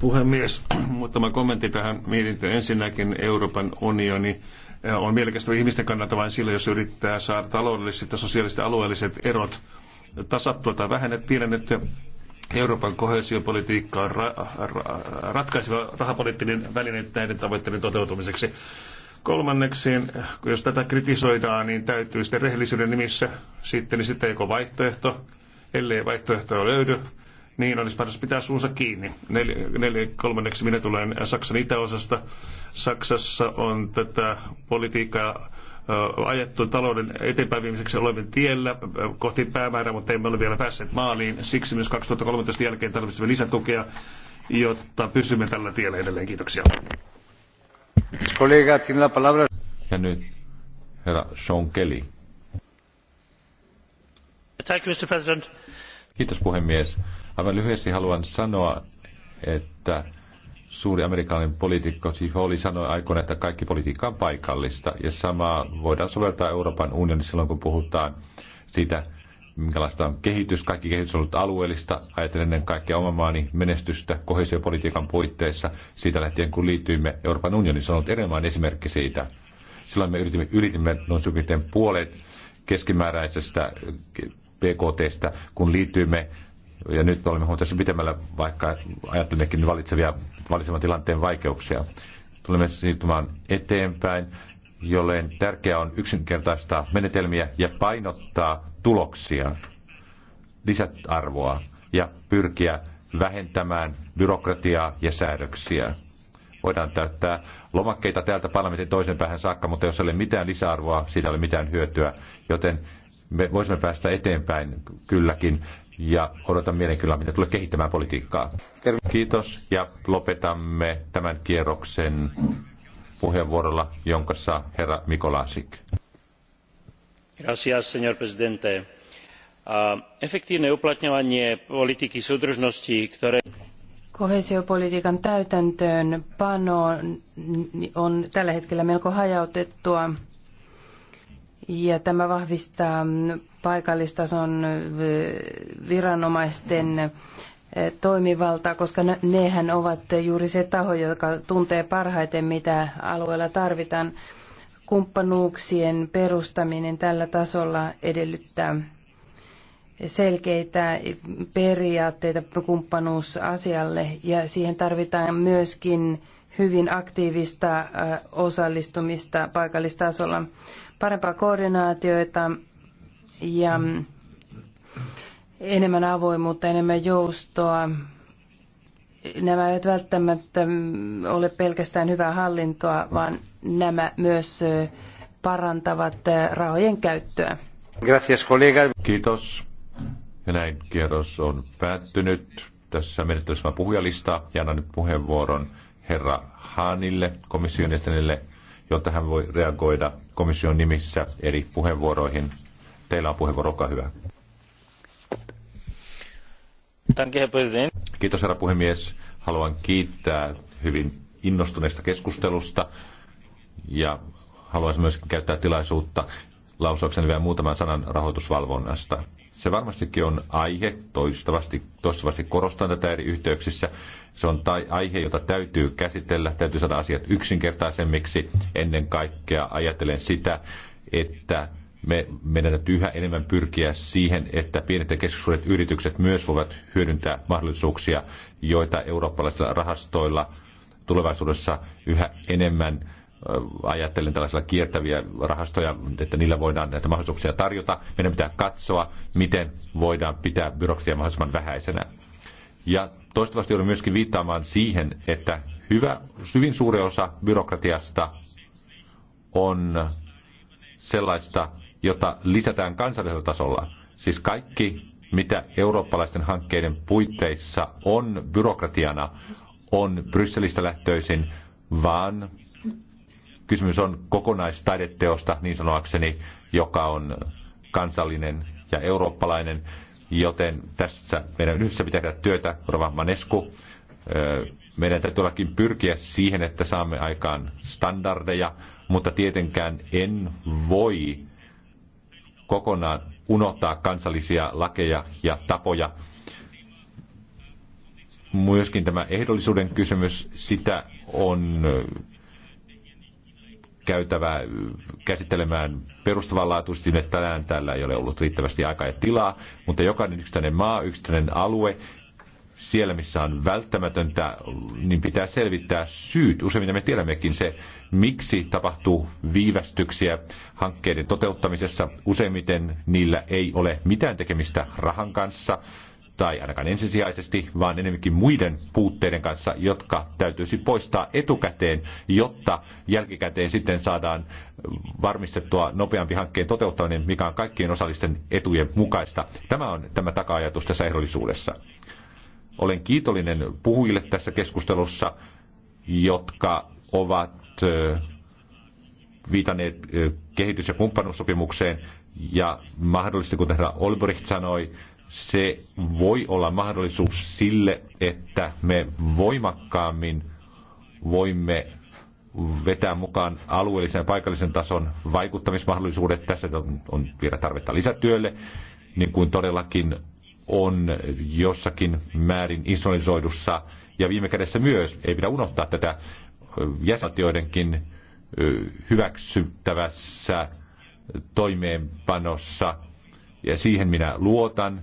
Puhemies, muutama kommentti tähän mietintöön. Ensinnäkin Euroopan unioni eh, on mielekästä ihmisten kannalta vain sillä, jos yrittää saada taloudelliset ja sosiaaliset alueelliset erot tasattua tai vähennetty, pienennetty. Euroopan kohesiopolitiikka on ra- ra- ratkaiseva rahapoliittinen väline näiden tavoitteiden toteutumiseksi. Kolmanneksi, jos tätä kritisoidaan, niin täytyy sitten rehellisyyden nimissä sitten, niin sitten joko vaihtoehto, ellei vaihtoehtoja löydy, niin olisi paras pitää suunsa kiinni. Nel, nel, kolmanneksi minä tulen Saksan itäosasta. Saksassa on tätä politiikkaa ajettu talouden eteenpäin viimiseksi olemme tiellä kohti päämäärää, mutta emme ole vielä päässeet maaliin. Siksi myös 2013 jälkeen tarvitsemme lisätukea, jotta pysymme tällä tiellä edelleen. Kiitoksia. Ja nyt herra Sean Kelly. Thank you, Mr. President. Kiitos puhemies. Aivan lyhyesti haluan sanoa, että suuri amerikkalainen poliitikko Steve Hawley sanoi aikoina, että kaikki politiikka on paikallista. Ja samaa voidaan soveltaa Euroopan unionissa silloin, kun puhutaan siitä, minkälaista on kehitys. Kaikki kehitys on ollut alueellista. Ajattelen ennen kaikkea oman maani menestystä kohesiopolitiikan puitteissa. Siitä lähtien, kun liityimme Euroopan unioniin, se on ollut erinomainen esimerkki siitä. Silloin me yritimme, yritimme noin suurin puolet keskimääräisestä BKTstä, kun liityimme ja nyt olemme huomattavasti pitemmällä, vaikka ajattelemmekin valitsevia, valitsevan tilanteen vaikeuksia. Tulemme siirtymään eteenpäin, jolleen tärkeää on yksinkertaistaa menetelmiä ja painottaa tuloksia, lisätarvoa ja pyrkiä vähentämään byrokratiaa ja säädöksiä. Voidaan täyttää lomakkeita täältä parlamentin toisen päähän saakka, mutta jos ei ole mitään lisäarvoa, siitä ei ole mitään hyötyä, joten me voisimme päästä eteenpäin kylläkin ja odotan mielenkiinnolla, mitä tulee kehittämään politiikkaa. Kiitos ja lopetamme tämän kierroksen puheenvuorolla, jonka saa herra Mikolasik. Gracias, señor presidente. Ah, Efektiivinen uplatňovanie politiikki súdržnosti, ktoré... Kohesiopolitiikan täytäntöön pano on tällä hetkellä melko hajautettua ja tämä vahvistaa paikallistason viranomaisten toimivaltaa, koska nehän ovat juuri se taho, joka tuntee parhaiten, mitä alueella tarvitaan. Kumppanuuksien perustaminen tällä tasolla edellyttää selkeitä periaatteita kumppanuusasialle ja siihen tarvitaan myöskin hyvin aktiivista osallistumista paikallistasolla, parempaa koordinaatioita ja enemmän avoimuutta, enemmän joustoa. Nämä eivät välttämättä ole pelkästään hyvää hallintoa, vaan nämä myös parantavat rahojen käyttöä. Gracias, kollega. Kiitos. Ja näin kierros on päättynyt. Tässä menettelyssä on puhujalista ja annan nyt puheenvuoron herra Haanille, komission jäsenelle, jotta hän voi reagoida komission nimissä eri puheenvuoroihin. Teillä on puheenvuoro, olkaa hyvä. Kiitos herra puhemies. Haluan kiittää hyvin innostuneesta keskustelusta ja haluaisin myös käyttää tilaisuutta lausuakseni vielä muutaman sanan rahoitusvalvonnasta. Se varmastikin on aihe, toistavasti, toistavasti korostan tätä eri yhteyksissä. Se on tai aihe, jota täytyy käsitellä, täytyy saada asiat yksinkertaisemmiksi. Ennen kaikkea ajattelen sitä, että me, meidän täytyy yhä enemmän pyrkiä siihen, että pienet ja keskisuuret yritykset myös voivat hyödyntää mahdollisuuksia, joita eurooppalaisilla rahastoilla tulevaisuudessa yhä enemmän ajattelen tällaisilla kiertäviä rahastoja, että niillä voidaan näitä mahdollisuuksia tarjota. Meidän pitää katsoa, miten voidaan pitää byrokratia mahdollisimman vähäisenä. Ja toistavasti joudun myöskin viittaamaan siihen, että hyvä, hyvin suuri osa byrokratiasta on sellaista, jota lisätään kansallisella tasolla. Siis kaikki, mitä eurooppalaisten hankkeiden puitteissa on byrokratiana, on Brysselistä lähtöisin, vaan kysymys on kokonaistaideteosta niin sanoakseni, joka on kansallinen ja eurooppalainen, joten tässä meidän yhdessä pitää tehdä työtä, Rova Manesku. Meidän täytyy ollakin pyrkiä siihen, että saamme aikaan standardeja, mutta tietenkään en voi kokonaan unohtaa kansallisia lakeja ja tapoja. Myöskin tämä ehdollisuuden kysymys, sitä on käytävä käsittelemään perustavanlaatuisesti, että tänään täällä ei ole ollut riittävästi aikaa ja tilaa, mutta jokainen yksittäinen maa, yksittäinen alue siellä, missä on välttämätöntä, niin pitää selvittää syyt. Useimmiten me tiedämmekin se, miksi tapahtuu viivästyksiä hankkeiden toteuttamisessa. Useimmiten niillä ei ole mitään tekemistä rahan kanssa tai ainakaan ensisijaisesti, vaan enemmänkin muiden puutteiden kanssa, jotka täytyisi poistaa etukäteen, jotta jälkikäteen sitten saadaan varmistettua nopeampi hankkeen toteuttaminen, mikä on kaikkien osallisten etujen mukaista. Tämä on tämä taka-ajatus tässä ehdollisuudessa. Olen kiitollinen puhujille tässä keskustelussa, jotka ovat viitanneet kehitys- ja kumppanuussopimukseen. Ja mahdollisesti, kuten herra Olbricht sanoi, se voi olla mahdollisuus sille, että me voimakkaammin voimme vetää mukaan alueellisen ja paikallisen tason vaikuttamismahdollisuudet. Tässä on vielä tarvetta lisätyölle, niin kuin todellakin on jossakin määrin instrumentalisoidussa ja viime kädessä myös, ei pidä unohtaa tätä jäsenvaltioidenkin hyväksyttävässä toimeenpanossa ja siihen minä luotan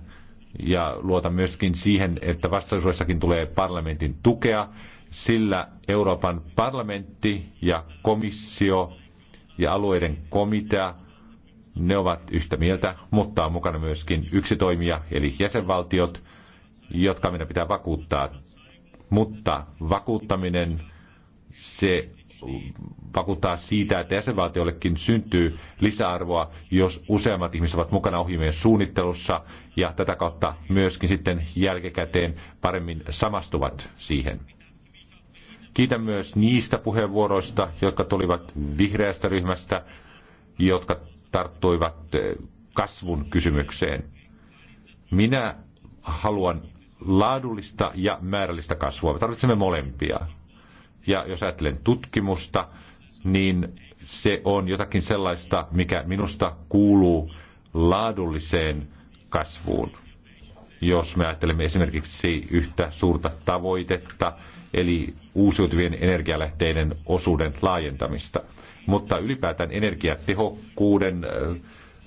ja luotan myöskin siihen, että vastaisuudessakin tulee parlamentin tukea, sillä Euroopan parlamentti ja komissio ja alueiden komitea – ne ovat yhtä mieltä, mutta on mukana myöskin yksi toimija, eli jäsenvaltiot, jotka meidän pitää vakuuttaa. Mutta vakuuttaminen, se vakuuttaa siitä, että jäsenvaltiollekin syntyy lisäarvoa, jos useammat ihmiset ovat mukana ohjelmien suunnittelussa ja tätä kautta myöskin sitten jälkikäteen paremmin samastuvat siihen. Kiitän myös niistä puheenvuoroista, jotka tulivat vihreästä ryhmästä, jotka tarttuivat eh, kasvun kysymykseen. Minä haluan laadullista ja määrällistä kasvua. Me tarvitsemme molempia. Ja jos ajattelen tutkimusta, niin se on jotakin sellaista, mikä minusta kuuluu laadulliseen kasvuun. Jos me ajattelemme esimerkiksi yhtä suurta tavoitetta, eli uusiutuvien energialähteiden osuuden laajentamista – mutta ylipäätään energiatehokkuuden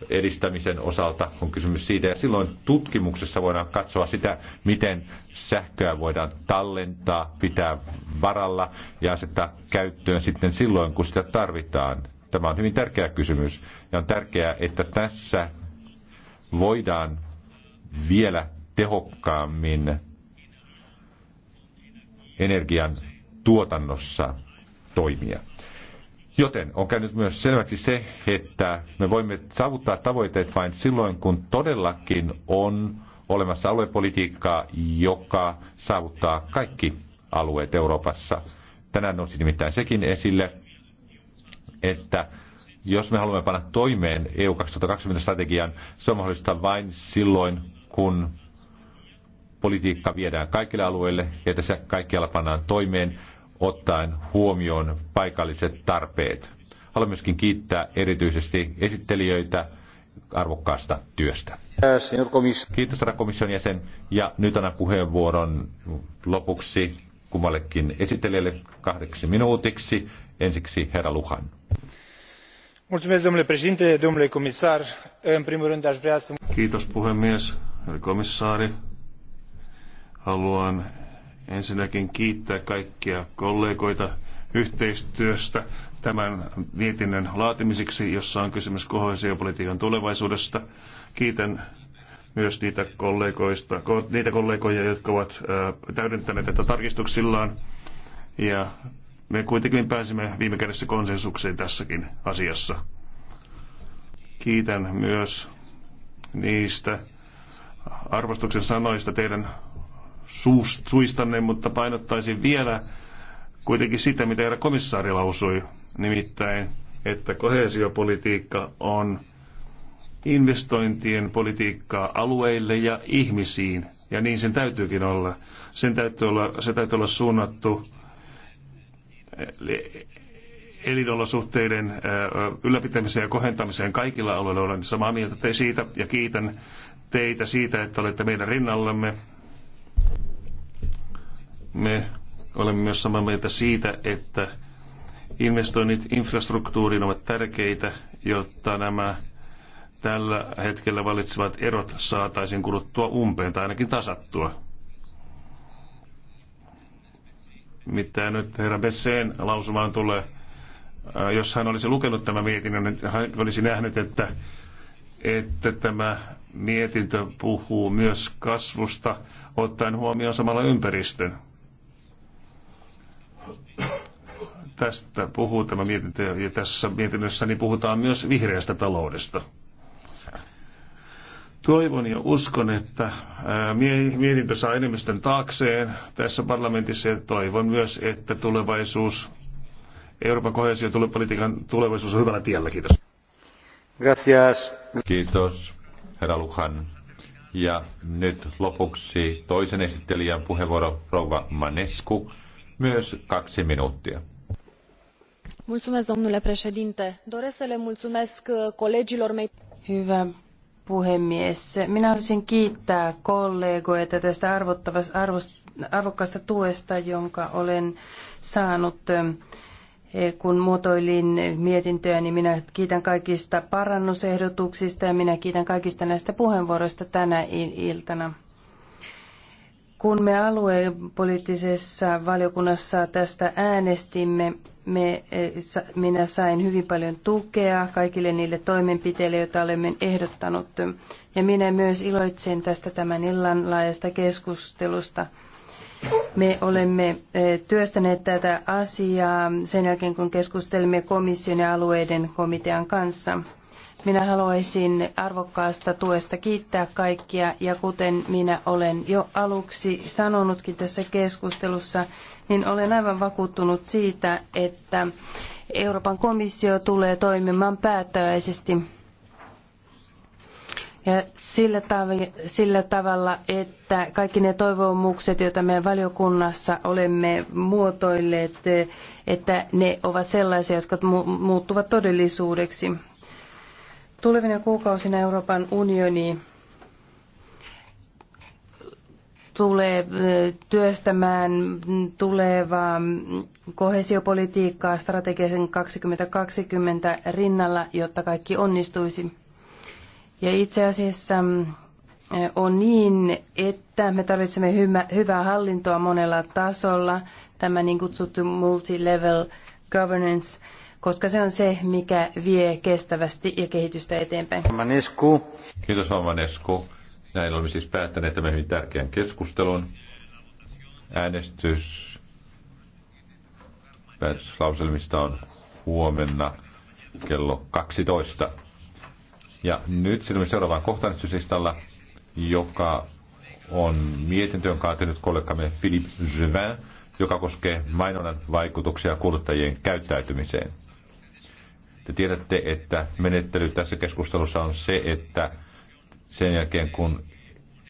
edistämisen osalta on kysymys siitä. Ja silloin tutkimuksessa voidaan katsoa sitä, miten sähköä voidaan tallentaa, pitää varalla ja asettaa käyttöön sitten silloin, kun sitä tarvitaan. Tämä on hyvin tärkeä kysymys ja on tärkeää, että tässä voidaan vielä tehokkaammin energian tuotannossa toimia. Joten on käynyt myös selväksi se, että me voimme saavuttaa tavoitteet vain silloin, kun todellakin on olemassa aluepolitiikkaa, joka saavuttaa kaikki alueet Euroopassa. Tänään nousi nimittäin sekin esille, että jos me haluamme panna toimeen EU 2020-strategian, se on mahdollista vain silloin, kun politiikka viedään kaikille alueille ja tässä kaikkialla pannaan toimeen ottaen huomioon paikalliset tarpeet. Haluan myöskin kiittää erityisesti esittelijöitä arvokkaasta työstä. Kiitos, herra komission jäsen. Ja nyt annan puheenvuoron lopuksi kummallekin esittelijälle kahdeksi minuutiksi. Ensiksi herra Luhan. Kiitos puhemies, herra komissaari. Haluan ensinnäkin kiittää kaikkia kollegoita yhteistyöstä tämän mietinnön laatimiseksi, jossa on kysymys kohesiopolitiikan tulevaisuudesta. Kiitän myös niitä, kollegoista, niitä kollegoja, jotka ovat täydentäneet tätä tarkistuksillaan. Ja me kuitenkin pääsimme viime kädessä konsensukseen tässäkin asiassa. Kiitän myös niistä arvostuksen sanoista teidän suistanne, mutta painottaisin vielä kuitenkin sitä, mitä herra komissaari lausui, nimittäin, että kohesiopolitiikka on investointien politiikkaa alueille ja ihmisiin, ja niin sen täytyykin olla. Sen täytyy olla, se täytyy olla suunnattu eh, elinolosuhteiden eh, ylläpitämiseen ja kohentamiseen kaikilla alueilla. Olen samaa mieltä te siitä ja kiitän teitä siitä, että olette meidän rinnallamme me olemme myös samaa mieltä siitä, että investoinnit infrastruktuuriin ovat tärkeitä, jotta nämä tällä hetkellä valitsevat erot saataisiin kuluttua umpeen tai ainakin tasattua. Mitä nyt herra Besseen lausumaan tulee, äh, jos hän olisi lukenut tämän mietinnön, niin hän olisi nähnyt, että, että tämä mietintö puhuu myös kasvusta, ottaen huomioon samalla ympäristön. Tästä puhuu tämä mietintö ja tässä mietinnössä niin puhutaan myös vihreästä taloudesta. Toivon ja uskon, että mietintö saa enemmistön taakseen tässä parlamentissa ja toivon myös, että tulevaisuus, Euroopan kohesio- ja tulepolitiikan tulevaisuus on hyvällä tiellä. Kiitos. Gracias. Kiitos, herra Luhan. Ja nyt lopuksi toisen esittelijän puheenvuoro, rouva Manescu myös kaksi minuuttia. Mulțumesc, domnule președinte. Doresc să le mulțumesc uh, colegilor mei. Hyvä puhemies. Minä haluaisin kiittää kollegoita tästä arvokkaasta tuesta, jonka olen saanut. E, kun muotoilin mietintöä, niin minä kiitän kaikista parannusehdotuksista ja minä kiitän kaikista näistä puheenvuoroista tänä iltana. Kun me aluepoliittisessa valiokunnassa tästä äänestimme, me, eh, minä sain hyvin paljon tukea kaikille niille toimenpiteille, joita olemme ehdottanut. Ja minä myös iloitsen tästä tämän illan laajasta keskustelusta. Me olemme eh, työstäneet tätä asiaa sen jälkeen, kun keskustelimme komission ja alueiden komitean kanssa. Minä haluaisin arvokkaasta tuesta kiittää kaikkia ja kuten minä olen jo aluksi sanonutkin tässä keskustelussa, niin olen aivan vakuuttunut siitä, että Euroopan komissio tulee toimimaan päättäväisesti ja sillä, sillä tavalla, että kaikki ne toivomukset, joita me valiokunnassa olemme muotoilleet, että ne ovat sellaisia, jotka muuttuvat todellisuudeksi. Tulevina kuukausina Euroopan unioni tulee työstämään tulevaa kohesiopolitiikkaa strategisen 2020 rinnalla, jotta kaikki onnistuisi. Ja itse asiassa on niin, että me tarvitsemme hyvää hallintoa monella tasolla, tämä niin kutsuttu multi-level governance – koska se on se, mikä vie kestävästi ja kehitystä eteenpäin. Manesku. Kiitos Manesku. Näin olemme siis päättäneet tämän hyvin tärkeän keskustelun. Äänestys päätöslauselmista on huomenna kello 12. Ja nyt siirrymme seuraavaan kohtaanistuslistalla, joka on mietintö, jonka on tehnyt kollegamme Philippe Jevin, joka koskee mainonnan vaikutuksia kuluttajien käyttäytymiseen. Te tiedätte, että menettely tässä keskustelussa on se, että sen jälkeen kun